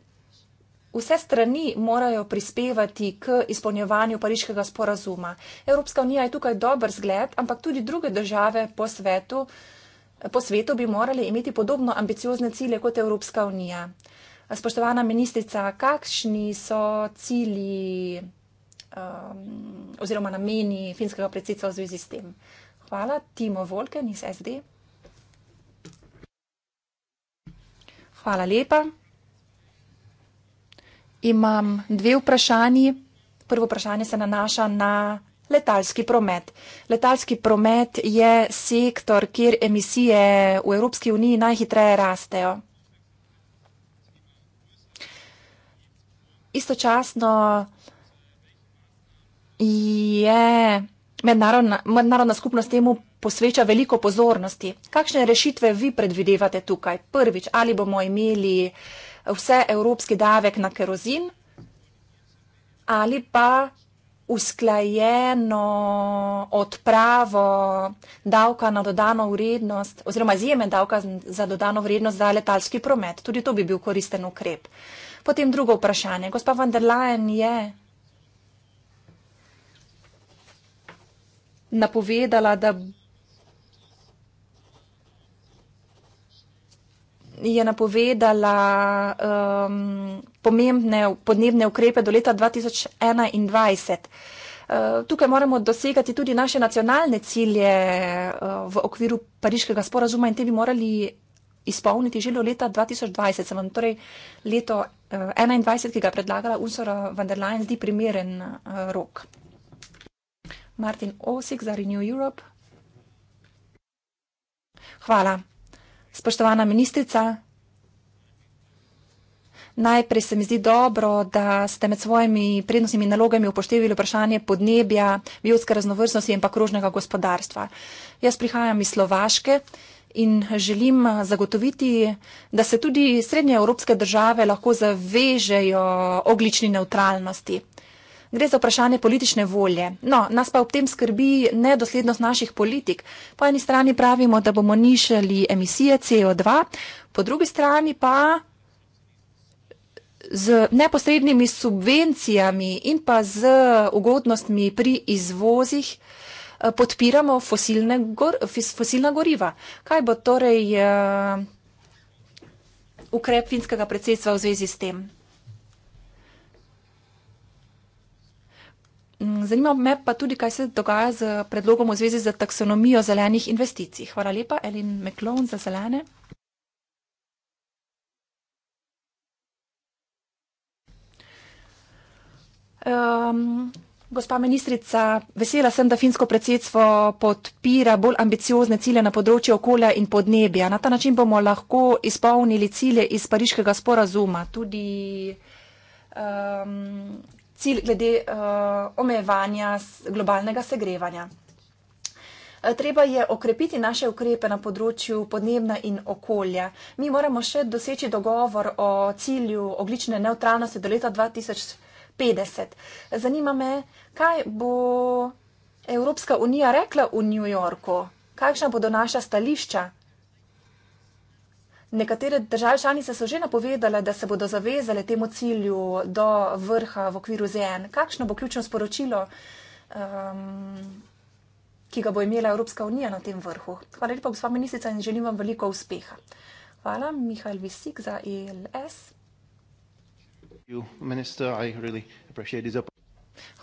vse strani morajo prispevati k izpolnjevanju pariškega sporazuma. Evropska unija je tukaj dober zgled, ampak tudi druge države po svetu, po svetu bi morali imeti podobno ambiciozne cilje kot Evropska unija. Spoštovana ministrica, kakšni so cilji um, oziroma nameni finskega predsedstva v zvezi s tem? Hvala, Timo Volken iz SD. Hvala lepa imam dve vprašanji. Prvo vprašanje se nanaša na letalski promet. Letalski promet je sektor, kjer emisije v Evropski uniji najhitreje rastejo. Istočasno je mednarodna, mednarodna skupnost temu posveča veliko pozornosti. Kakšne rešitve vi predvidevate tukaj? Prvič, ali bomo imeli uh, vse evropski davek na kerozin ali pa usklajeno odpravo davka na dodano vrednost oziroma izjeme davka za dodano vrednost za letalski promet. Tudi to bi bil koristen ukrep. Potem drugo vprašanje. Gospa van der Leyen je napovedala, da je napovedala um, pomembne podnebne ukrepe do leta 2021. Uh, tukaj moramo dosegati tudi naše nacionalne cilje uh, v okviru Pariškega sporazuma in te bi morali izpolniti že do leta 2020. Se vam torej leto 2021, uh, ki ga je predlagala Ursula von der Leyen, zdi primeren rok. Martin Osik za Renew Europe. Hvala. Spoštovana ministrica, najprej se mi zdi dobro, da ste med svojimi prednostnimi nalogami upoštevili vprašanje podnebja, biotske raznovrstnosti in pa krožnega gospodarstva. Jaz prihajam iz Slovaške in želim zagotoviti, da se tudi srednje evropske države lahko zavežejo oglični neutralnosti gre za vprašanje politične volje. No, nas pa ob tem skrbi nedoslednost naših politik. Po eni strani pravimo, da bomo nišali emisije CO2, po drugi strani pa z neposrednimi subvencijami in pa z ugodnostmi pri izvozih eh, podpiramo fosilne gor, fosilna goriva. Kaj bo torej uh, ukrep finskega predsedstva v zvezi s tem? Mm, zanima me pa tudi, kaj se dogaja z predlogom v zvezi z taksonomijo zelenih investicij. Hvala lepa, Elin McLone za zelene. Um, gospa ministrica, vesela sem, da finsko predsedstvo podpira bolj ambiciozne cilje na področju okolja in podnebja. Na ta način bomo lahko izpolnili cilje iz pariškega sporazuma. Tudi, um, cilj glede uh, omejevanja globalnega segrevanja. Eh, treba je okrepiti naše ukrepe na področju podnebna in okolja. Mi moramo še doseči dogovor o cilju oglične neutralnosti do leta 2050. Zanima me, kaj bo Evropska unija rekla v New Yorku, kakšna bodo naša stališča Nekatere države članice so že napovedale, da se bodo zavezale temu cilju do vrha v okviru ZN. Kakšno bo ključno sporočilo, um, ki ga bo imela Evropska unija na tem vrhu? Hvala lepa, gospod ministrica, in želim vam veliko uspeha. Hvala, Mihajl Visik za ELS.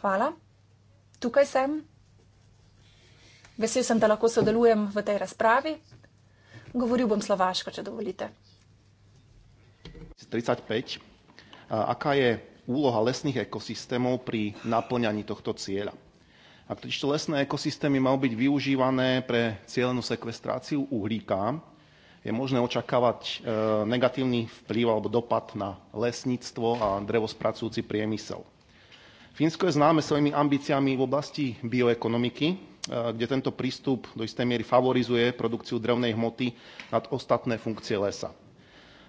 Hvala. Tukaj sem. Vesel sem, da lahko sodelujem v tej razpravi. Govoril bom slovaško, če dovolite. 35. Aká je úloha lesných ekosystémov pri naplňaní tohto cieľa? Ak totižto lesné ekosystémy majú byť využívané pre cieľenú sekvestráciu uhlíka, je možné očakávať e, negatívny vplyv alebo dopad na lesníctvo a drevospracujúci priemysel. Fínsko je známe svojimi ambíciami v oblasti bioekonomiky, Eh, kde tento prístup do istej miery favorizuje produkciu drevnej hmoty nad ostatné funkcie lesa.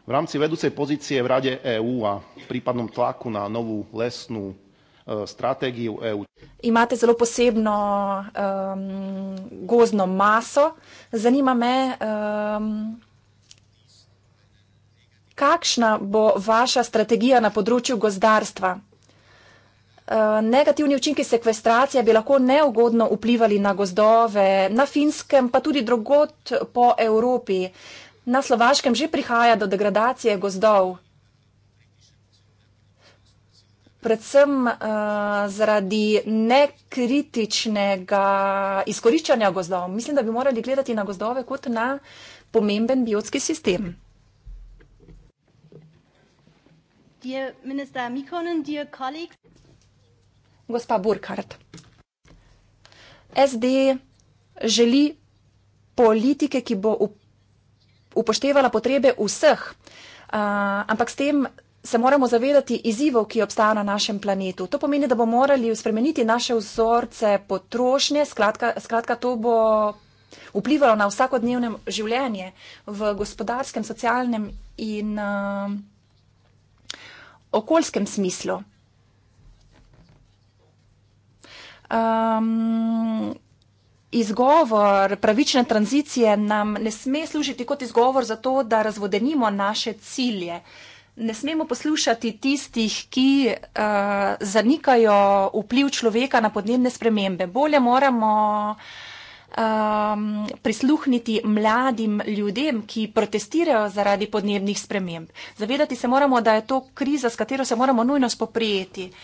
V rámci vedúcej pozície v Rade EÚ a prípadnom tlaku na novú lesnú eh, stratégiu EU. Imate zelo posebno um, gozdno maso. Zanima me, um, kakšna bo vaša strategija na področju gozdarstva? Eh, negativni učinki sekvestracije bi lahko neugodno vplivali na gozdove, na finskem, pa tudi drugot po Evropi. Na slovaškem že prihaja do degradacije gozdov. Predvsem uh, zaradi nekritičnega izkoriščanja gozdov. Mislim, da bi morali gledati na gozdove kot na pomemben biotski sistem. Dear minister Mikonen, dear colleagues gospa Burkhardt. SD želi politike, ki bo upoštevala potrebe vseh, uh, ampak s tem se moramo zavedati izzivov, ki obstajajo na našem planetu. To pomeni, da bomo morali spremeniti naše vzorce potrošnje, skratka, skratka to bo vplivalo na vsakodnevno življenje v gospodarskem, socialnem in uh, okoljskem smislu. um, izgovor pravične tranzicije nam ne sme služiti kot izgovor za to, da razvodenimo naše cilje. Ne smemo poslušati tistih, ki uh, zanikajo vpliv človeka na podnebne spremembe. Bolje moramo um, prisluhniti mladim ljudem, ki protestirajo zaradi podnebnih sprememb. Zavedati se moramo, da je to kriza, s katero se moramo nujno spoprijeti. Uh,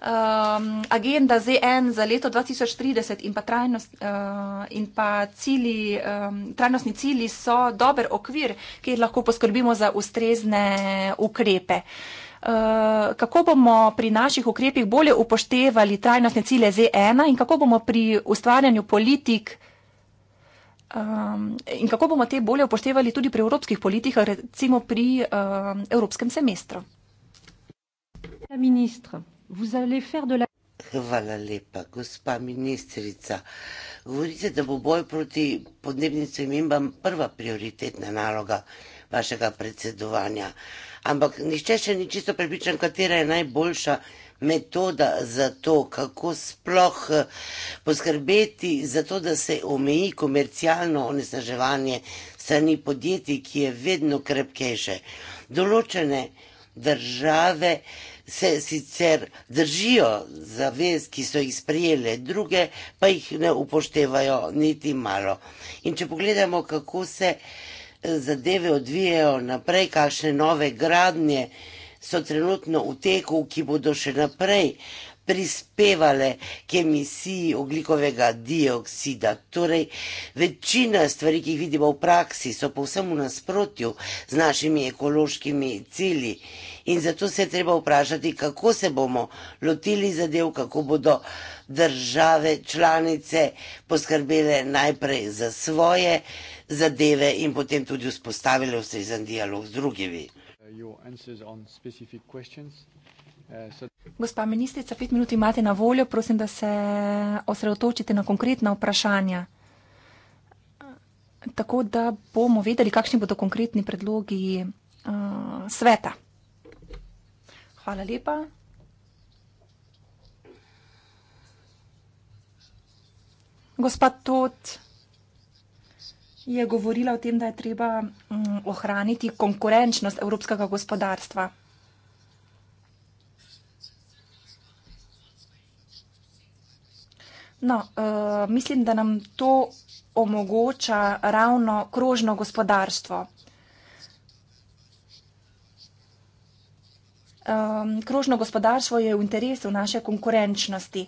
um, agenda ZN za leto 2030 in pa, trajnost, uh, in pa cili, um, trajnostni cili so dober okvir, kjer lahko poskrbimo za ustrezne ukrepe. Uh, kako bomo pri naših ukrepih bolje upoštevali trajnostne cilje Z1 in kako bomo pri ustvarjanju politik um, in kako bomo te bolje upoštevali tudi pri evropskih politikah, recimo pri um, evropskem semestru? Ministr. Vous allez faire de la... Hvala lepa, gospa ministrica. Govorite, da bo boj proti podnebnim spremembam prva prioritetna naloga vašega predsedovanja. Ampak nišče še ni čisto prepričan, katera je najboljša metoda za to, kako sploh eh, poskrbeti za to, da se omeji komercialno onesnaževanje strani podjetij, ki je vedno krepkejše. Določene države se sicer držijo zavez, ki so jih sprejele, druge pa jih ne upoštevajo niti malo. In če pogledamo, kako se eh, zadeve odvijajo naprej, kakšne nove gradnje so trenutno v teku, ki bodo še naprej prispevale k emisiji oglikovega dioksida. Torej, večina stvari, ki jih vidimo v praksi, so povsem v nasprotju z našimi ekološkimi cilji in zato se je treba vprašati, kako se bomo lotili zadev, kako bodo države članice poskrbele najprej za svoje zadeve in potem tudi vzpostavile ustrezen dialog z drugimi. Gospa ministrica, pet minut imate na voljo, prosim, da se osredotočite na konkretna vprašanja, tako da bomo vedeli, kakšni bodo konkretni predlogi uh, sveta. Hvala lepa. Gospa Tot je govorila o tem, da je treba mm, ohraniti konkurenčnost evropskega gospodarstva. No, eh, mislim, da nam to omogoča ravno krožno gospodarstvo. um, krožno gospodarstvo je v interesu naše konkurenčnosti.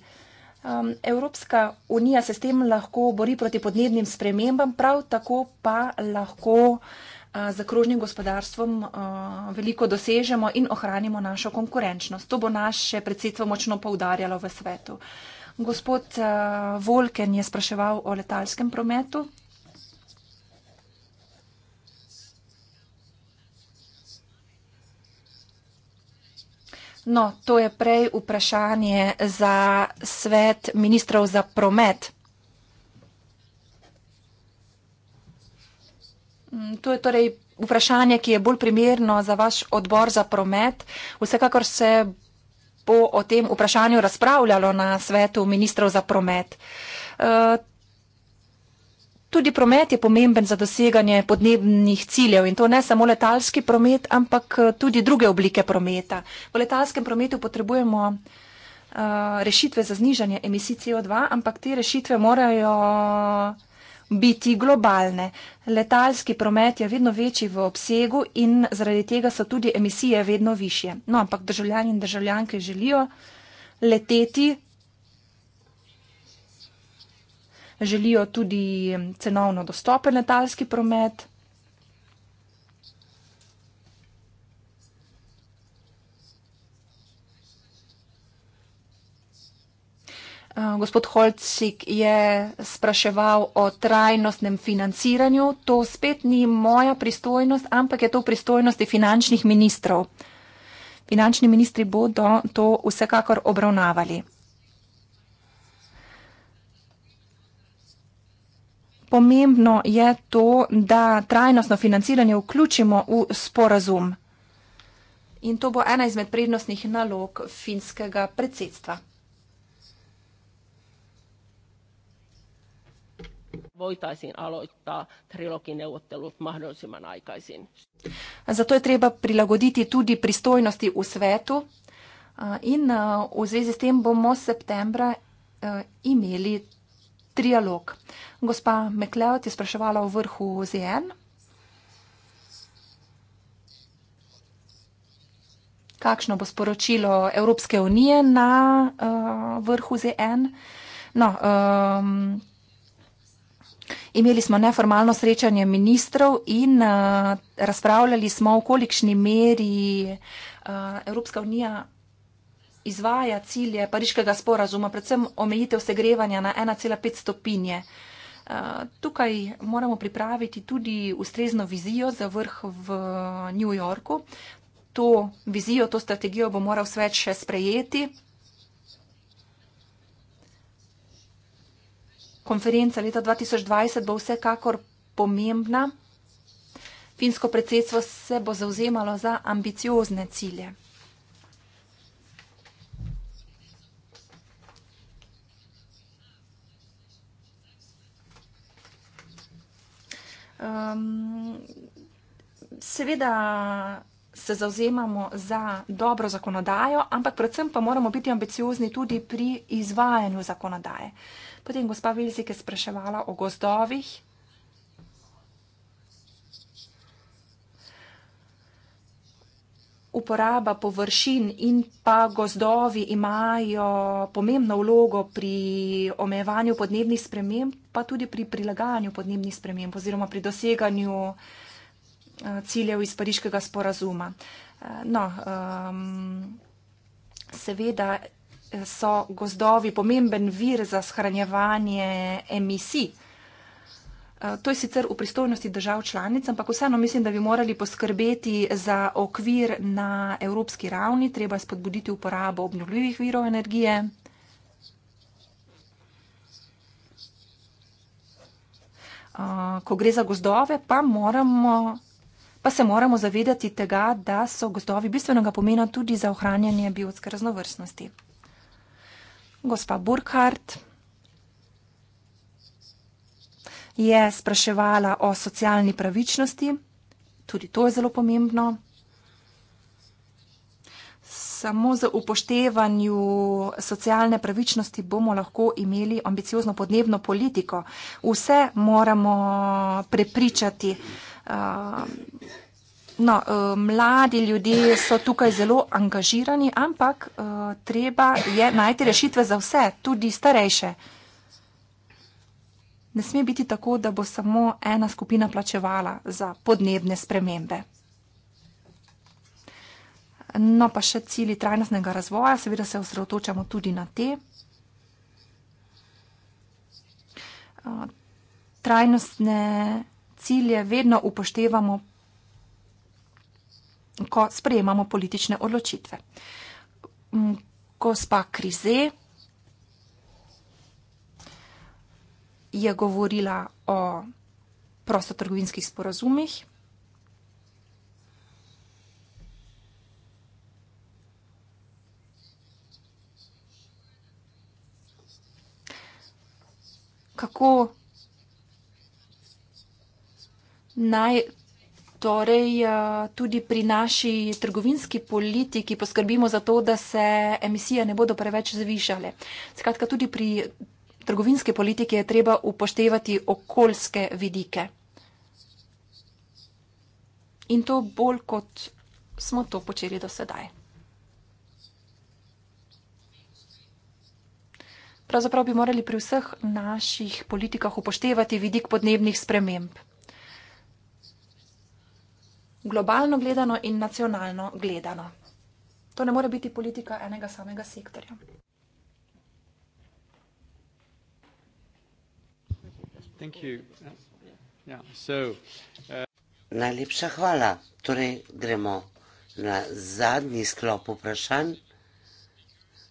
Um, Evropska unija se s tem lahko bori proti podnebnim spremembam, prav tako pa lahko uh, za krožnim gospodarstvom uh, veliko dosežemo in ohranimo našo konkurenčnost. To bo naše predsedstvo močno poudarjalo v svetu. Gospod uh, Volken je spraševal o letalskem prometu. No, to je prej vprašanje za svet ministrov za promet. Mm, to je torej vprašanje, ki je bolj primerno za vaš odbor za promet. Vsekakor se bo o tem vprašanju razpravljalo na svetu ministrov za promet. E, Tudi promet je pomemben za doseganje podnebnih ciljev in to ne samo letalski promet, ampak eh, tudi druge oblike prometa. V letalskem prometu potrebujemo uh, rešitve za znižanje emisij CO2, ampak te rešitve morajo biti globalne. Letalski promet je vedno večji v obsegu in zaradi tega so tudi emisije vedno više. No, ampak državljani in državljanke želijo leteti želijo tudi cenovno dostopen letalski promet. Eh, gospod Holcik je spraševal o trajnostnem financiranju. To spet ni moja pristojnost, ampak je to v pristojnosti finančnih ministrov. Finančni ministri bodo to vsekakor obravnavali. pomembno je to, da trajnostno financiranje vključimo v sporazum. In to bo ena izmed prednostnih nalog finskega predsedstva. Zato je treba prilagoditi tudi pristojnosti v svetu in v zvezi s tem bomo septembra imeli trialog. Gospa Mekleot je spraševala o vrhu ZN. Kakšno bo sporočilo Evropske unije na uh, vrhu ZN? No, um, imeli smo neformalno srečanje ministrov in uh, razpravljali smo, v kolikšni meri uh, Evropska unija izvaja cilje pariškega sporazuma, predvsem omejitev segrevanja na 1,5 stopinje. Eh, tukaj moramo pripraviti tudi ustrezno vizijo za vrh v New Yorku. To vizijo, to strategijo bo moral svet še sprejeti. Konferenca leta 2020 bo vsekakor pomembna. Finsko predsedstvo se bo zauzemalo za ambiciozne cilje. Um, seveda se zauzemamo za dobro zakonodajo, ampak predvsem pa moramo biti ambiciozni tudi pri izvajanju zakonodaje. Potem gospa Vilzik je spraševala o gozdovih. uporaba površin in pa gozdovi imajo pomembno vlogo pri omejevanju podnebnih sprememb, pa tudi pri prilagajanju podnebnih sprememb oziroma pri doseganju eh, ciljev iz Pariškega sporazuma. Eh, no, um, seveda eh, so gozdovi pomemben vir za shranjevanje emisij. Eh, to je sicer v pristojnosti držav članic, ampak vseeno mislim, da bi morali poskrbeti za okvir na evropski ravni, treba je spodbuditi uporabo obnovljivih virov energije. Eh, ko gre za gozdove, pa, moramo, pa se moramo zavedati tega, da so gozdovi bistvenega pomena tudi za ohranjanje biotske raznovrstnosti. Gospa Burkhardt. je spraševala o socialni pravičnosti, tudi to je zelo pomembno. Samo z upoštevanjem socialne pravičnosti bomo lahko imeli ambiciozno podnebno politiko. Vse moramo prepričati. Eh, no, eh, mladi ljudje so tukaj zelo angažirani, ampak eh, treba je najti rešitve za vse, tudi starejše ne sme biti tako, da bo samo ena skupina plačevala za podnebne spremembe. No, pa še cilji trajnostnega razvoja, seveda se osredotočamo tudi na te. Trajnostne cilje vedno upoštevamo, ko sprejemamo politične odločitve. Gospa Krize. je govorila o prostotrgovinskih sporazumih. Kako naj torej eh, tudi pri naši trgovinski politiki poskrbimo za to, da se emisije ne bodo preveč zvišale. Skratka, tudi pri trgovinske politike je treba upoštevati okoljske vidike. In to bolj kot smo to počeli do sedaj. Pravzaprav bi morali pri vseh naših politikah upoštevati vidik podnebnih sprememb. Globalno gledano in nacionalno gledano. To ne more biti politika enega samega sektorja. Uh, Najlepša hvala. Torej, gremo na zadnji sklop vprašanj.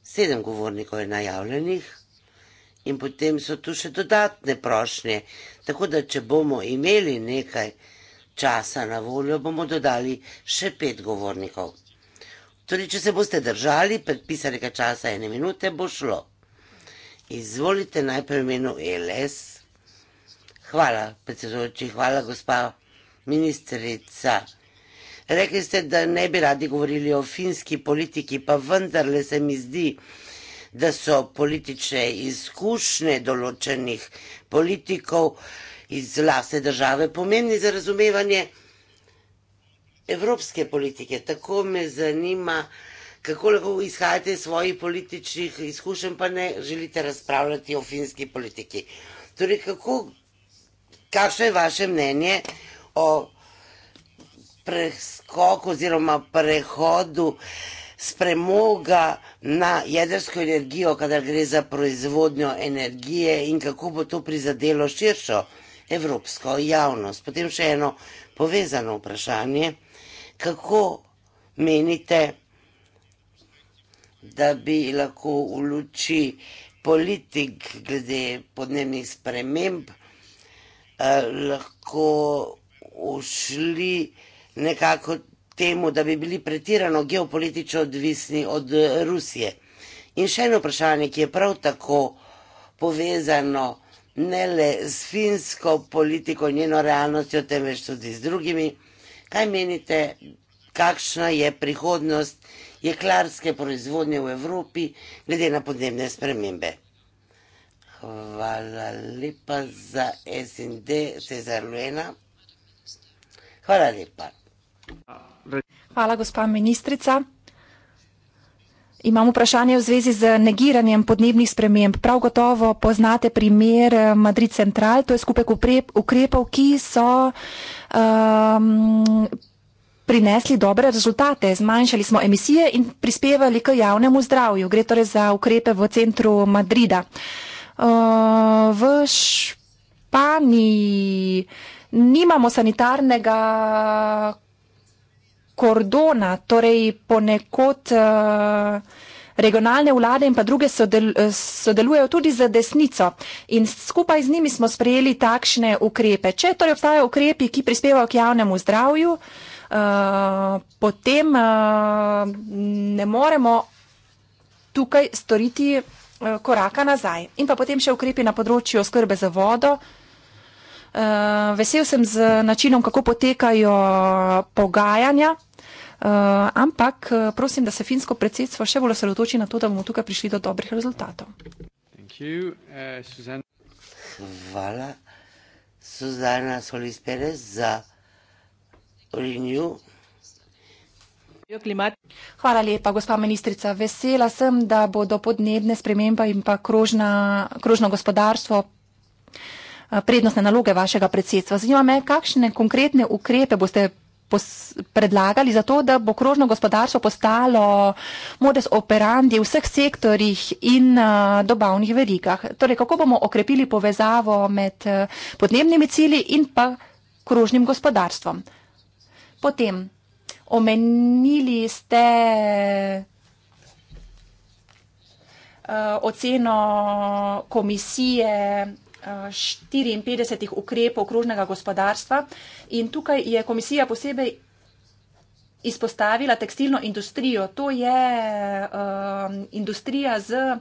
Sedem govornikov je najavljenih. In potem so tu še dodatne prošnje. Tako da, če bomo imeli nekaj časa na voljo, bomo dodali še pet govornikov. Torej, če se boste držali predpisanega časa ene minute, bo šlo. Izvolite najprej v imenu LS. Hvala, predsedujoči, hvala, gospa ministrica. Rekli ste, da ne bi radi govorili o finski politiki, pa vendarle se mi zdi, da so politične izkušnje določenih politikov iz vlastne države pomembni za razumevanje evropske politike. Tako me zanima, kako lahko izhajate iz svojih političnih izkušenj, pa ne želite razpravljati o finski politiki. Torej, kako kakšno je vaše mnenje o preskoku oziroma prehodu s premoga na jedrsko energijo, kadar gre za proizvodnjo energije in kako bo to prizadelo širšo evropsko javnost. Potem še eno povezano vprašanje. Kako menite, da bi lahko v luči politik glede podnebnih sprememb lahko ušli nekako temu, da bi bili pretirano geopolitično odvisni od Rusije. In še eno vprašanje, ki je prav tako povezano ne le s finsko politiko in njeno realnostjo, temveč tudi z drugimi. Kaj menite, kakšna je prihodnost jeklarske proizvodnje v Evropi glede na podnebne spremembe? Hvala lepa za SND, Cezar Lujena. Hvala lepa. Hvala, gospa ministrica. Imam vprašanje v zvezi z negiranjem podnebnih sprememb. Prav gotovo poznate primer eh, Madrid Central, to je skupek ukrepov, ki so um, prinesli dobre rezultate. Zmanjšali smo emisije in prispevali k javnemu zdravju. Gre torej za ukrepe v centru Madrida. Uh, v Španiji nimamo sanitarnega kordona, torej ponekod eh, regionalne vlade in pa druge sodelujejo tudi z desnico. In skupaj z njimi smo sprejeli takšne ukrepe. Če torej obstajajo ukrepi, ki prispevajo k javnemu zdravju, eh, potem eh, ne moremo tukaj storiti Eh, koraka nazaj. In pa potem še ukrepi na področju oskrbe za vodo. Eh, vesel sem z načinom, kako potekajo pogajanja, eh, ampak prosim, da se finsko predsedstvo še bolj osredotoči na to, da bomo tukaj prišli do dobrih rezultatov. Hvala, Suzana Solis Perez, za Renew spremembo klimatskih. Hvala lepa, gospa ministrica. Vesela sem, da bodo podnebne spremembe in pa krožna, krožno gospodarstvo eh, prednostne naloge vašega predsedstva. Zanima me, kakšne konkretne ukrepe boste predlagali za to, da bo krožno gospodarstvo postalo modes operandi v vseh sektorjih in eh, dobavnih verigah. Torej, kako bomo okrepili povezavo med eh, podnebnimi cili in pa krožnim gospodarstvom. Potem omenili ste uh, oceno komisije uh, eh, 54 ukrepov okrožnega gospodarstva in tukaj je komisija posebej izpostavila tekstilno industrijo. To je uh, industrija z uh,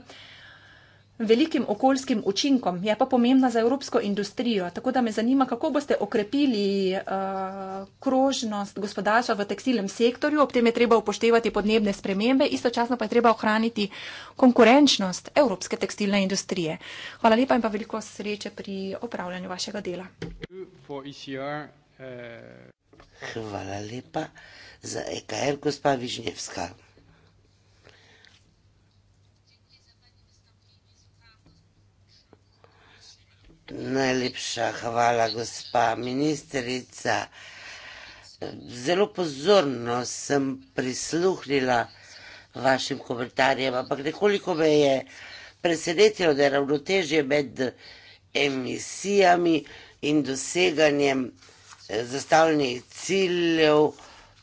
velikim okoljskim učinkom, je pa pomembna za evropsko industrijo. Tako da me zanima, kako boste okrepili uh, krožnost gospodarstva v tekstilnem sektorju, ob tem je treba upoštevati podnebne spremembe, istočasno pa je treba ohraniti konkurenčnost evropske tekstilne industrije. Hvala lepa in pa veliko sreče pri opravljanju vašega dela. E eh, Hvala lepa za EKR, gospa Višnjevska. Najlepša hvala, gospa ministrica. Zelo pozorno sem prisluhnila vašim komentarjem, ampak nekoliko me je presenetilo, da je ravnotežje med emisijami in doseganjem zastavljenih ciljev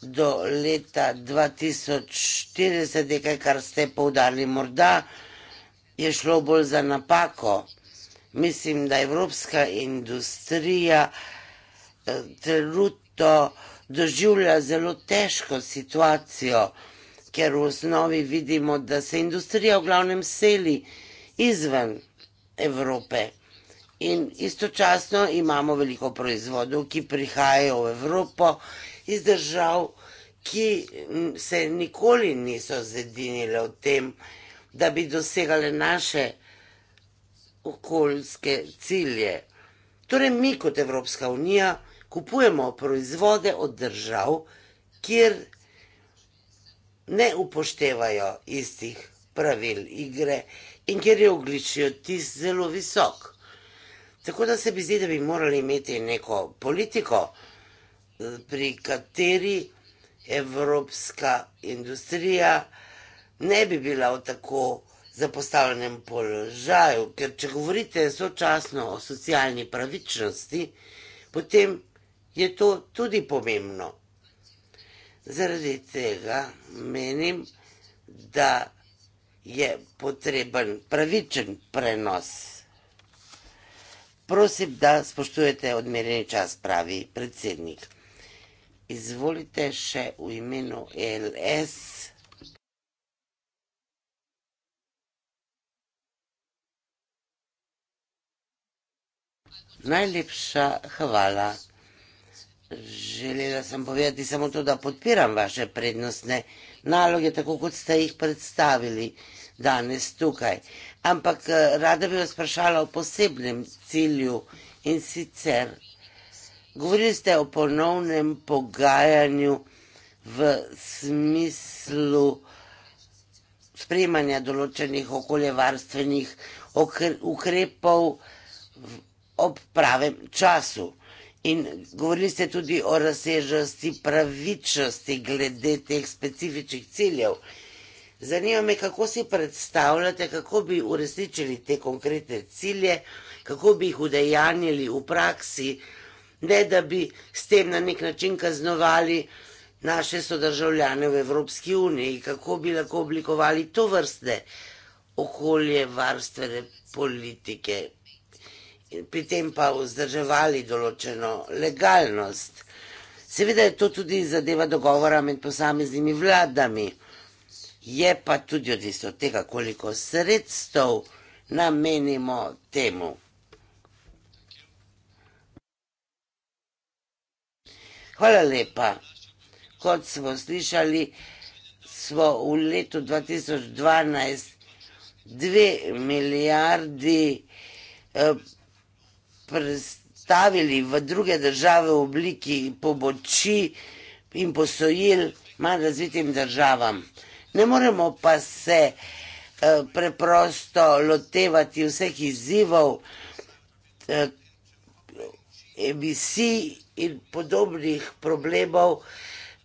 do leta 2040, nekaj, kar ste poudarili, morda je šlo bolj za napako. Mislim, da evropska industrija eh, trenutno doživlja zelo težko situacijo, ker v osnovi vidimo, da se industrija v glavnem seli izven Evrope. In istočasno imamo veliko proizvodov, ki prihajajo v Evropo iz držav, ki se nikoli niso zedinile v tem, da bi dosegale naše proizvode okoljske cilje. Torej, mi kot Evropska unija kupujemo proizvode od držav, kjer ne upoštevajo istih pravil igre in kjer je ogljični odtis zelo visok. Tako da se mi zdi, da bi morali imeti neko politiko, pri kateri evropska industrija ne bi bila v tako zapostavljenem položaju, ker če govorite sočasno o socialni pravičnosti, potem je to tudi pomembno. Zaradi tega menim, da je potreben pravičen prenos. Prosim, da spoštujete odmereni čas, pravi predsednik. Izvolite še v imenu LS. Najlepša hvala. Želela sem povedati samo to, da podpiram vaše prednostne naloge, tako kot ste jih predstavili danes tukaj. Ampak eh, rada bi vas vprašala o posebnem cilju in sicer govorili ste o ponovnem pogajanju v smislu sprejemanja določenih okoljevarstvenih ukrepov ob pravem času. In govorili ste tudi o razsežnosti pravičnosti glede teh specifičnih ciljev. Zanima me, kako si predstavljate, kako bi uresničili te konkretne cilje, kako bi jih udejanjili v praksi, ne da bi s tem na nek način kaznovali naše sodržavljane v Evropski uniji, kako bi lahko oblikovali to vrste okoljevarstvene politike pri tem pa vzdrževali določeno legalnost. Seveda je to tudi zadeva dogovora med posameznimi vladami, je pa tudi odvisno od tega, koliko sredstev namenimo temu. Hvala lepa. Kot smo slišali, smo v letu 2012 dve milijardi eh, predstavili v druge države v obliki pomoči in posojil manj razvitim državam. Ne moremo pa se eh, preprosto lotevati vseh izzivov eh, emisij in podobnih problemov,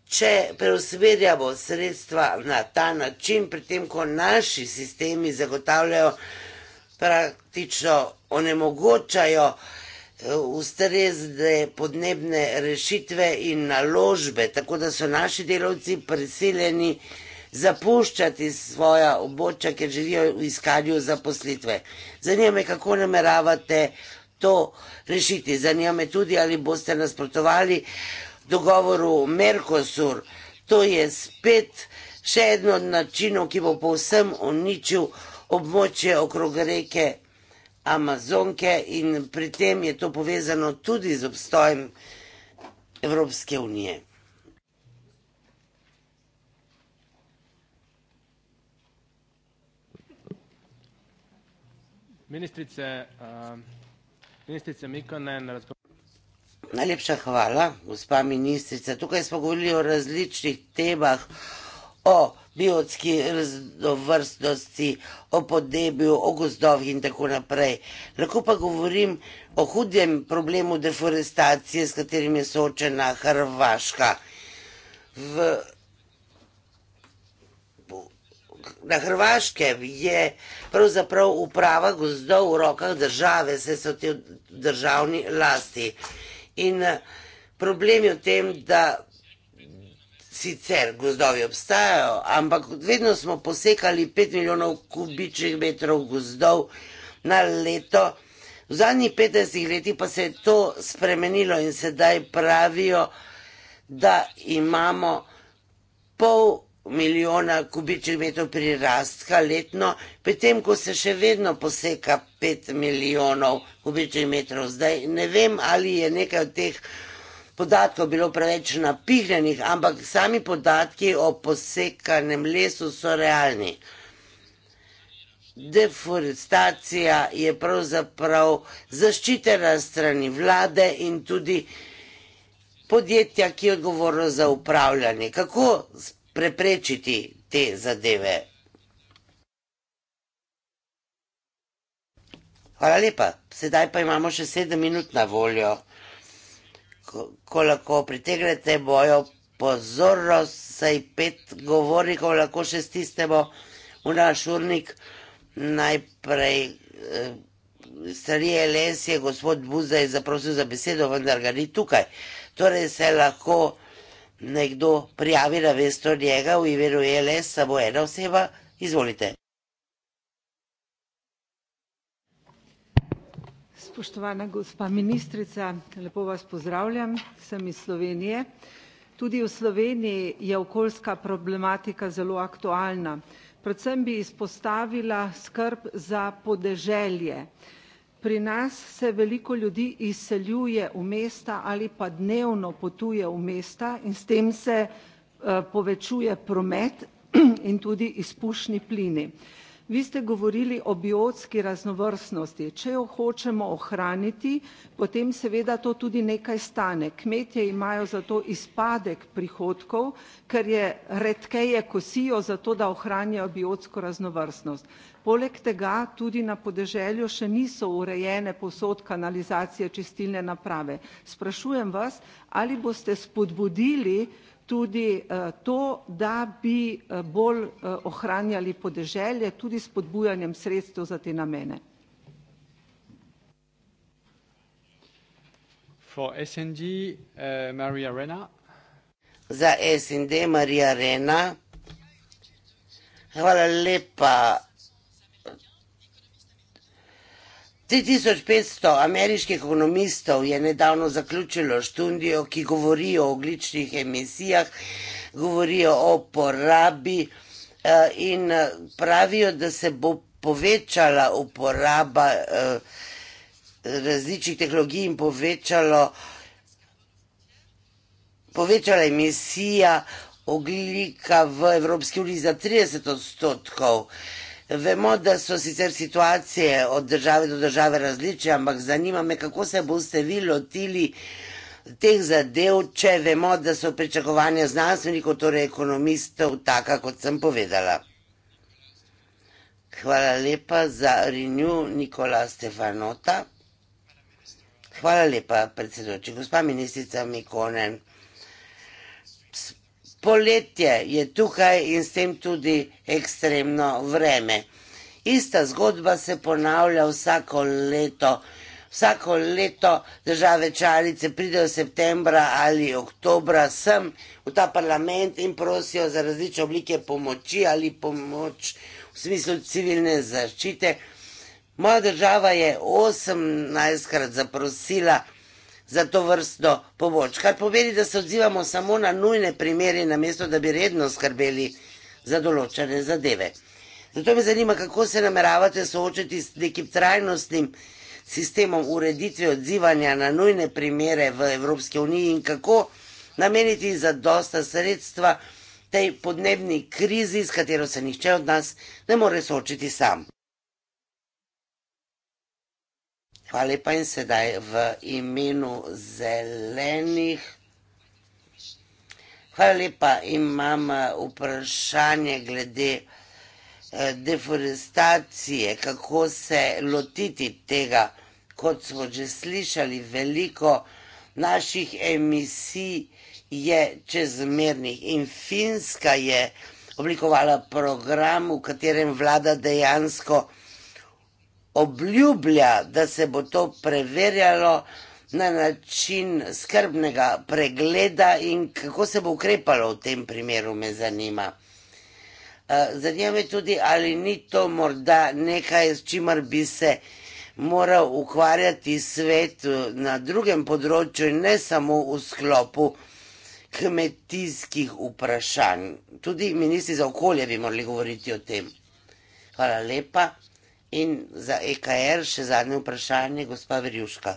če preusmerjamo sredstva na ta način, pri tem, ko naši sistemi zagotavljajo praktično onemogočajo eh, ustrezne podnebne rešitve in naložbe, tako da so naši delavci prisiljeni zapuščati svoja obočja, ker želijo iskati zaposlitve. Zanima me, kako nameravate to rešiti. Zanima me tudi, ali boste nasprotovali dogovoru Mercosur. To je spet še eno od načinov, ki bo povsem uničil območje okrog reke Amazonke in pri tem je to povezano tudi z obstojem Evropske unije. Ministrice, uh, ministrice Mikonen, Najlepša hvala, gospa ministrica. Tukaj smo govorili o različnih temah, o biotski raznovrstnosti, o podnebju, o gozdovih in tako naprej. Lahko pa govorim o hudem problemu deforestacije, s katerim je soočena Hrvaška. V, na Hrvaškem je pravzaprav uprava gozdov v rokah države, vse so te državni lasti. In problem je v tem, da sicer gozdovi obstajajo, ampak vedno smo posekali 5 milijonov kubičnih metrov gozdov na leto. V zadnjih 15 letih pa se je to spremenilo in sedaj pravijo, da imamo pol milijona kubičnih metrov prirastka letno, potem ko se še vedno poseka 5 milijonov kubičnih metrov. Zdaj ne vem, ali je nekaj od teh podatkov bilo preveč napihnjenih, ampak sami podatki o posekanem lesu so realni. Deforestacija je pravzaprav zaščitena strani vlade in tudi podjetja, ki je odgovorno za upravljanje. Kako preprečiti te zadeve? Hvala lepa. Sedaj pa imamo še sedem minut na voljo ko lahko pritegnete mojo pozornost, saj pet govornikov lahko še stisnemo v naš urnik. Najprej eh, stari LS je gospod Buzaj zaprosil za besedo, vendar ga ni tukaj. Torej se lahko nekdo prijavi na vesto njega v imenu LS, samo ena oseba, izvolite. spoštovana gospa ministrica, lepo vas pozdravljam, sem iz Slovenije. Tudi v Sloveniji je okoljska problematika zelo aktualna. Predvsem bi izpostavila skrb za podeželje. Pri nas se veliko ljudi izseljuje v mesta ali pa dnevno potuje v mesta in s tem se, eh, povečuje promet in tudi izpušni plini. Vi ste govorili o biotski raznovrstnosti. Če jo hočemo ohraniti, potem seveda to tudi nekaj stane. Kmetje imajo zato izpadek prihodkov, ker je redkeje kosijo zato, da ohranijo biotsko raznovrstnost. Poleg tega tudi na podeželju še niso urejene posod kanalizacije čistilne naprave. Sprašujem vas, ali boste spodbudili tudi eh, to, da bi eh, bolj eh, ohranjali podeželje, tudi s podbujanjem sredstev za te namene. For SND, uh, Maria Rena. Za SND, Marija Rena. Hvala lepa 3500 ameriških ekonomistov je nedavno zaključilo študijo, ki govori o ogličnih emisijah, govori o porabi eh, in eh, pravijo, da se bo povečala uporaba eh, različnih tehnologij in povečalo, povečala emisija ogljika v Evropski uniji za 30 odstotkov. Vemo, da so sicer situacije od države do države različne, ampak zanima me, kako se boste vi lotili teh zadev, če vemo, da so pričakovanja znanstvenikov, torej ekonomistov, taka, kot sem povedala. Hvala lepa za renju Nikola Stefanota. Hvala lepa, predsedoči. Gospa ministrica Mikonen. Poletje je tukaj in s tem tudi ekstremno vreme. Ista zgodba se ponavlja vsako leto. Vsako leto države članice pridejo v septembra ali oktobra sem v ta parlament in prosijo za različne oblike pomoči ali pomoč v smislu civilne zaščite. Moja država je 18 krat zaprosila za to vrsto pomoč, kar pomeni, da se odzivamo samo na nujne primere, namesto da bi redno skrbeli za določene zadeve. Zato me zanima, kako se nameravate soočiti s nekim trajnostnim sistemom ureditve odzivanja na nujne primere v Evropski uniji in kako nameniti za dosta sredstva tej podnebni krizi, s katero se nihče od nas ne more soočiti sam. Hvala lepa in sedaj v imenu zelenih. Hvala lepa, imam eh, vprašanje glede eh, deforestacije, kako se lotiti tega, kot smo že slišali, veliko naših emisij je čezmernih in Finska je oblikovala program, v katerem vlada dejansko obljublja, da se bo to preverjalo na način skrbnega pregleda in kako se bo ukrepalo v tem primeru, me zanima. Eh, zanima me tudi, ali ni to morda nekaj, s čimer bi se moral ukvarjati svet eh, na drugem področju in ne samo v sklopu kmetijskih vprašanj. Tudi ministri za okolje bi morali govoriti o tem. Hvala lepa. In za EKR še zadnje vprašanje, gospa Verjuška.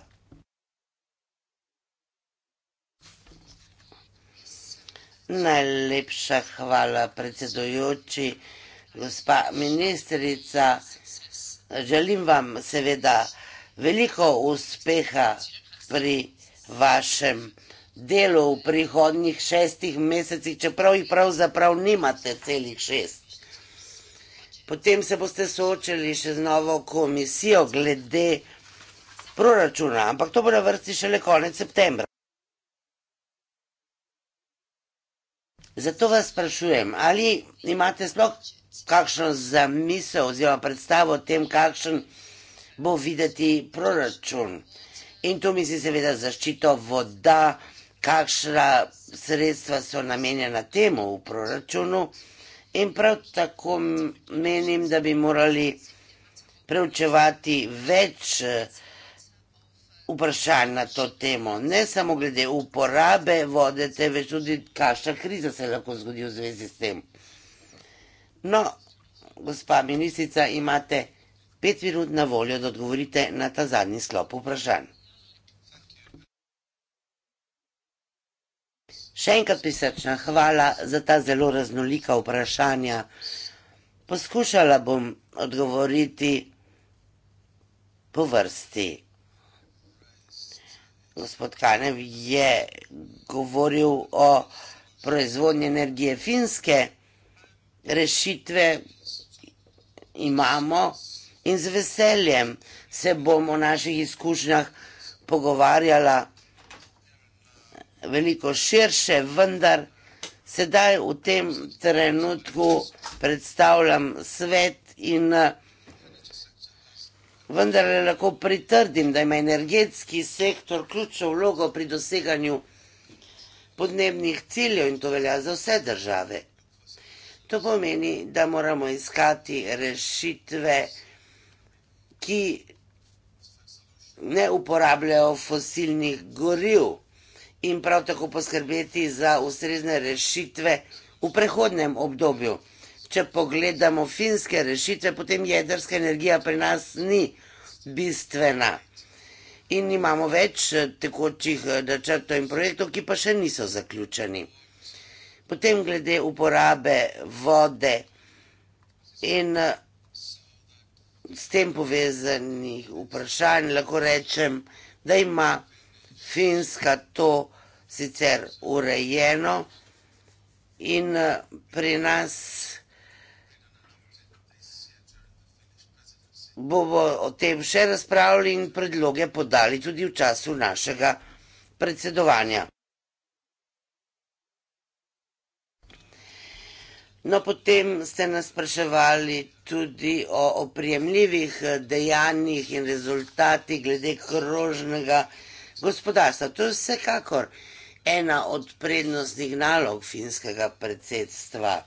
Najlepša hvala, predsedujoči, gospa ministrica. Želim vam seveda veliko uspeha pri vašem delu v prihodnjih šestih mesecih, čeprav jih pravzaprav nimate celih šest. Potem se boste soočili še z novo komisijo glede proračuna, ampak to bo na vrsti šele konec septembra. Zato vas sprašujem, ali imate sploh kakšno zamisel oziroma predstavo o tem, kakšen bo videti proračun? In tu mislim seveda zaščito voda, kakšna sredstva so namenjena temu v proračunu. In prav tako menim, da bi morali preučevati več eh, vprašanj na to temo, ne samo glede uporabe vode, temveč tudi kakšna kriza se lahko zgodi v zvezi s tem. No, gospa ministrica, imate pet minut na voljo, da odgovorite na ta zadnji sklop vprašanj. Še enkrat prisrčna hvala za ta zelo raznolika vprašanja. Poskušala bom odgovoriti po vrsti. Gospod Kanev je govoril o proizvodnji energije finske, rešitve imamo in z veseljem se bom o naših izkušnjah pogovarjala veliko širše, vendar sedaj v tem trenutku predstavljam svet in eh, vendar le lahko pritrdim, da ima energetski sektor ključno vlogo pri doseganju podnebnih ciljev in to velja za vse države. To pomeni, da moramo iskati rešitve, ki ne uporabljajo fosilnih goriv in prav tako poskrbeti za ustrezne rešitve v prehodnem obdobju. Če pogledamo finske rešitve, potem jedrska energija pri nas ni bistvena in imamo več eh, tekočih eh, načrtov in projektov, ki pa še niso zaključeni. Potem glede uporabe vode in eh, s tem povezanih vprašanj lahko rečem, da ima Finska to sicer urejeno in eh, pri nas bomo o tem še razpravili in predloge podali tudi v času našega predsedovanja. No, potem ste nas spraševali tudi o oprijemljivih eh, dejanjih in rezultatih glede krožnega vsega, gospodarstva. To je vsekakor ena od prednostnih nalog finskega predsedstva.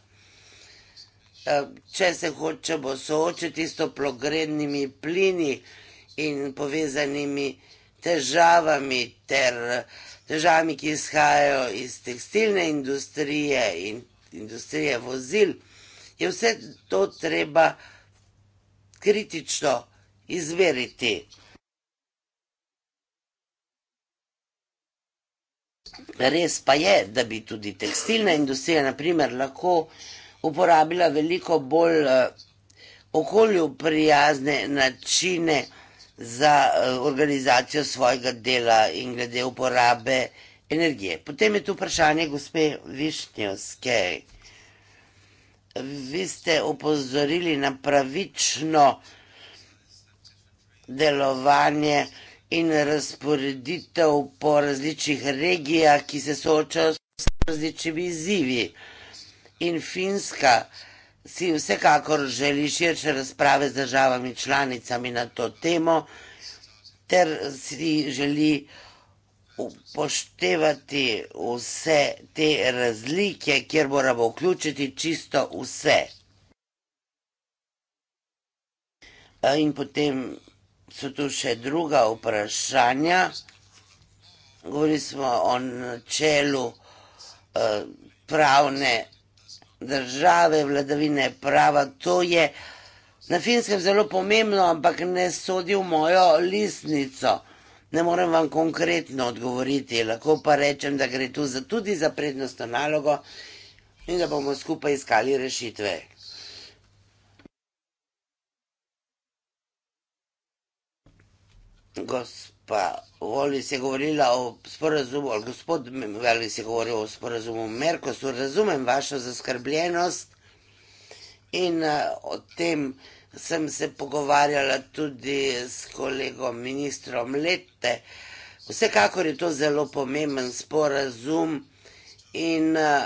E, če se hočemo soočiti s toplogrednimi plini in povezanimi težavami ter težavami, ki izhajajo iz tekstilne industrije in industrije vozil, je vse to treba kritično izveriti. Res pa je, da bi tudi tekstilna industrija naprimer, lahko uporabila veliko bolj eh, okolju prijazne načine za eh, organizacijo svojega dela in glede uporabe energije. Potem je tu vprašanje gospe Višnjevske. Vi ste opozorili na pravično delovanje, in razporeditev po različnih regijah, ki se soočajo s različnimi izzivi. In Finska si vsekakor želi širše razprave z državami članicami na to temo, ter si želi upoštevati vse te razlike, kjer moramo vključiti čisto vse. In potem so tu še druga vprašanja. Govorili smo o načelu eh, pravne države, vladavine prava. To je na finskem zelo pomembno, ampak ne sodi v mojo listnico. Ne morem vam konkretno odgovoriti, lahko pa rečem, da gre tu tudi za prednostno nalogo in da bomo skupaj iskali rešitve. gospa Voli se govorila o sporazumu, ali gospod Veli se govoril o sporazumu Merkosu, razumem vašo zaskrbljenost in uh, o tem sem se pogovarjala tudi s kolegom ministrom Lette. Vsekakor je to zelo pomemben sporazum in uh,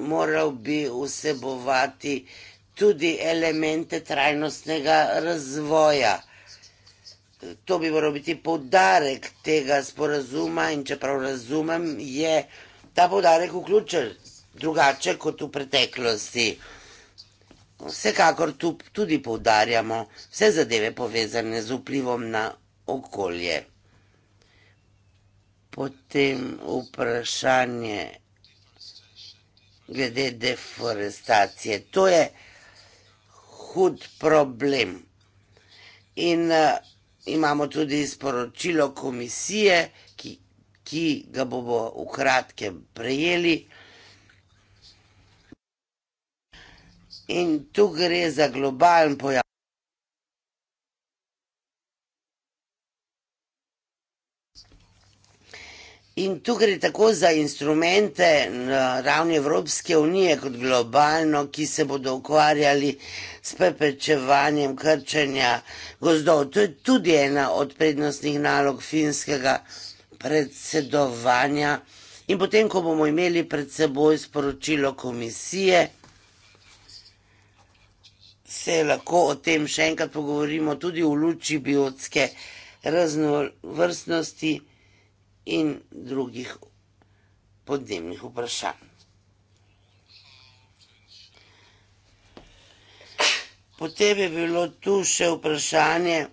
moral bi vsebovati tudi elemente trajnostnega razvoja to bi moral biti podarek tega sporazuma in čeprav razumem, je ta podarek vključen drugače kot v preteklosti. Vsekakor tu tudi poudarjamo vse zadeve povezane z vplivom na okolje. Potem vprašanje glede deforestacije. To je hud problem. In uh, imamo tudi sporočilo komisije, ki, ki ga bomo v kratkem prejeli. In tu gre za globalen pojav. In tu gre tako za instrumente na ravni Evropske unije, kot globalno, ki se bodo ukvarjali s preprečevanjem krčenja gozdov. To je tudi ena od prednostnih nalog finskega predsedovanja. In potem, ko bomo imeli pred seboj sporočilo komisije, se lahko o tem še enkrat pogovorimo, tudi v luči biotske raznovrstnosti in drugih podnebnih vprašanj. Potem je bilo tu še vprašanje,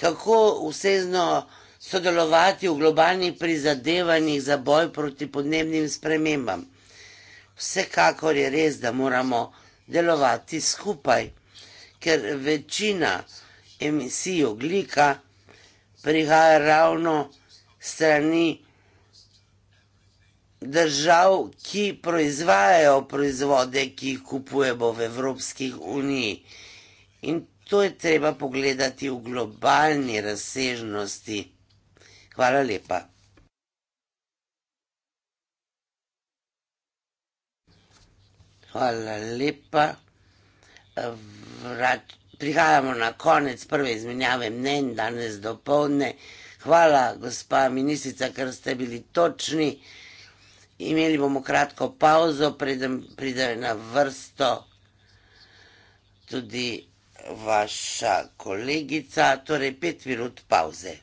kako vsezno sodelovati v globalnih prizadevanjih za boj proti podnebnim spremembam. Vsekakor je res, da moramo delovati skupaj, ker večina emisij oglika prihaja ravno vsega, strani držav, ki proizvajajo proizvode, ki jih kupujemo v Evropskih uniji. In to je treba pogledati v globalni razsežnosti. Hvala lepa. Hvala lepa. Prihajamo na konec prve izmenjave mnen danes do povdne. Hvala, gospa ministrica, ker ste bili točni. Imeli bomo kratko pauzo, preden pride na vrsto tudi vaša kolegica, torej pet minut pauze.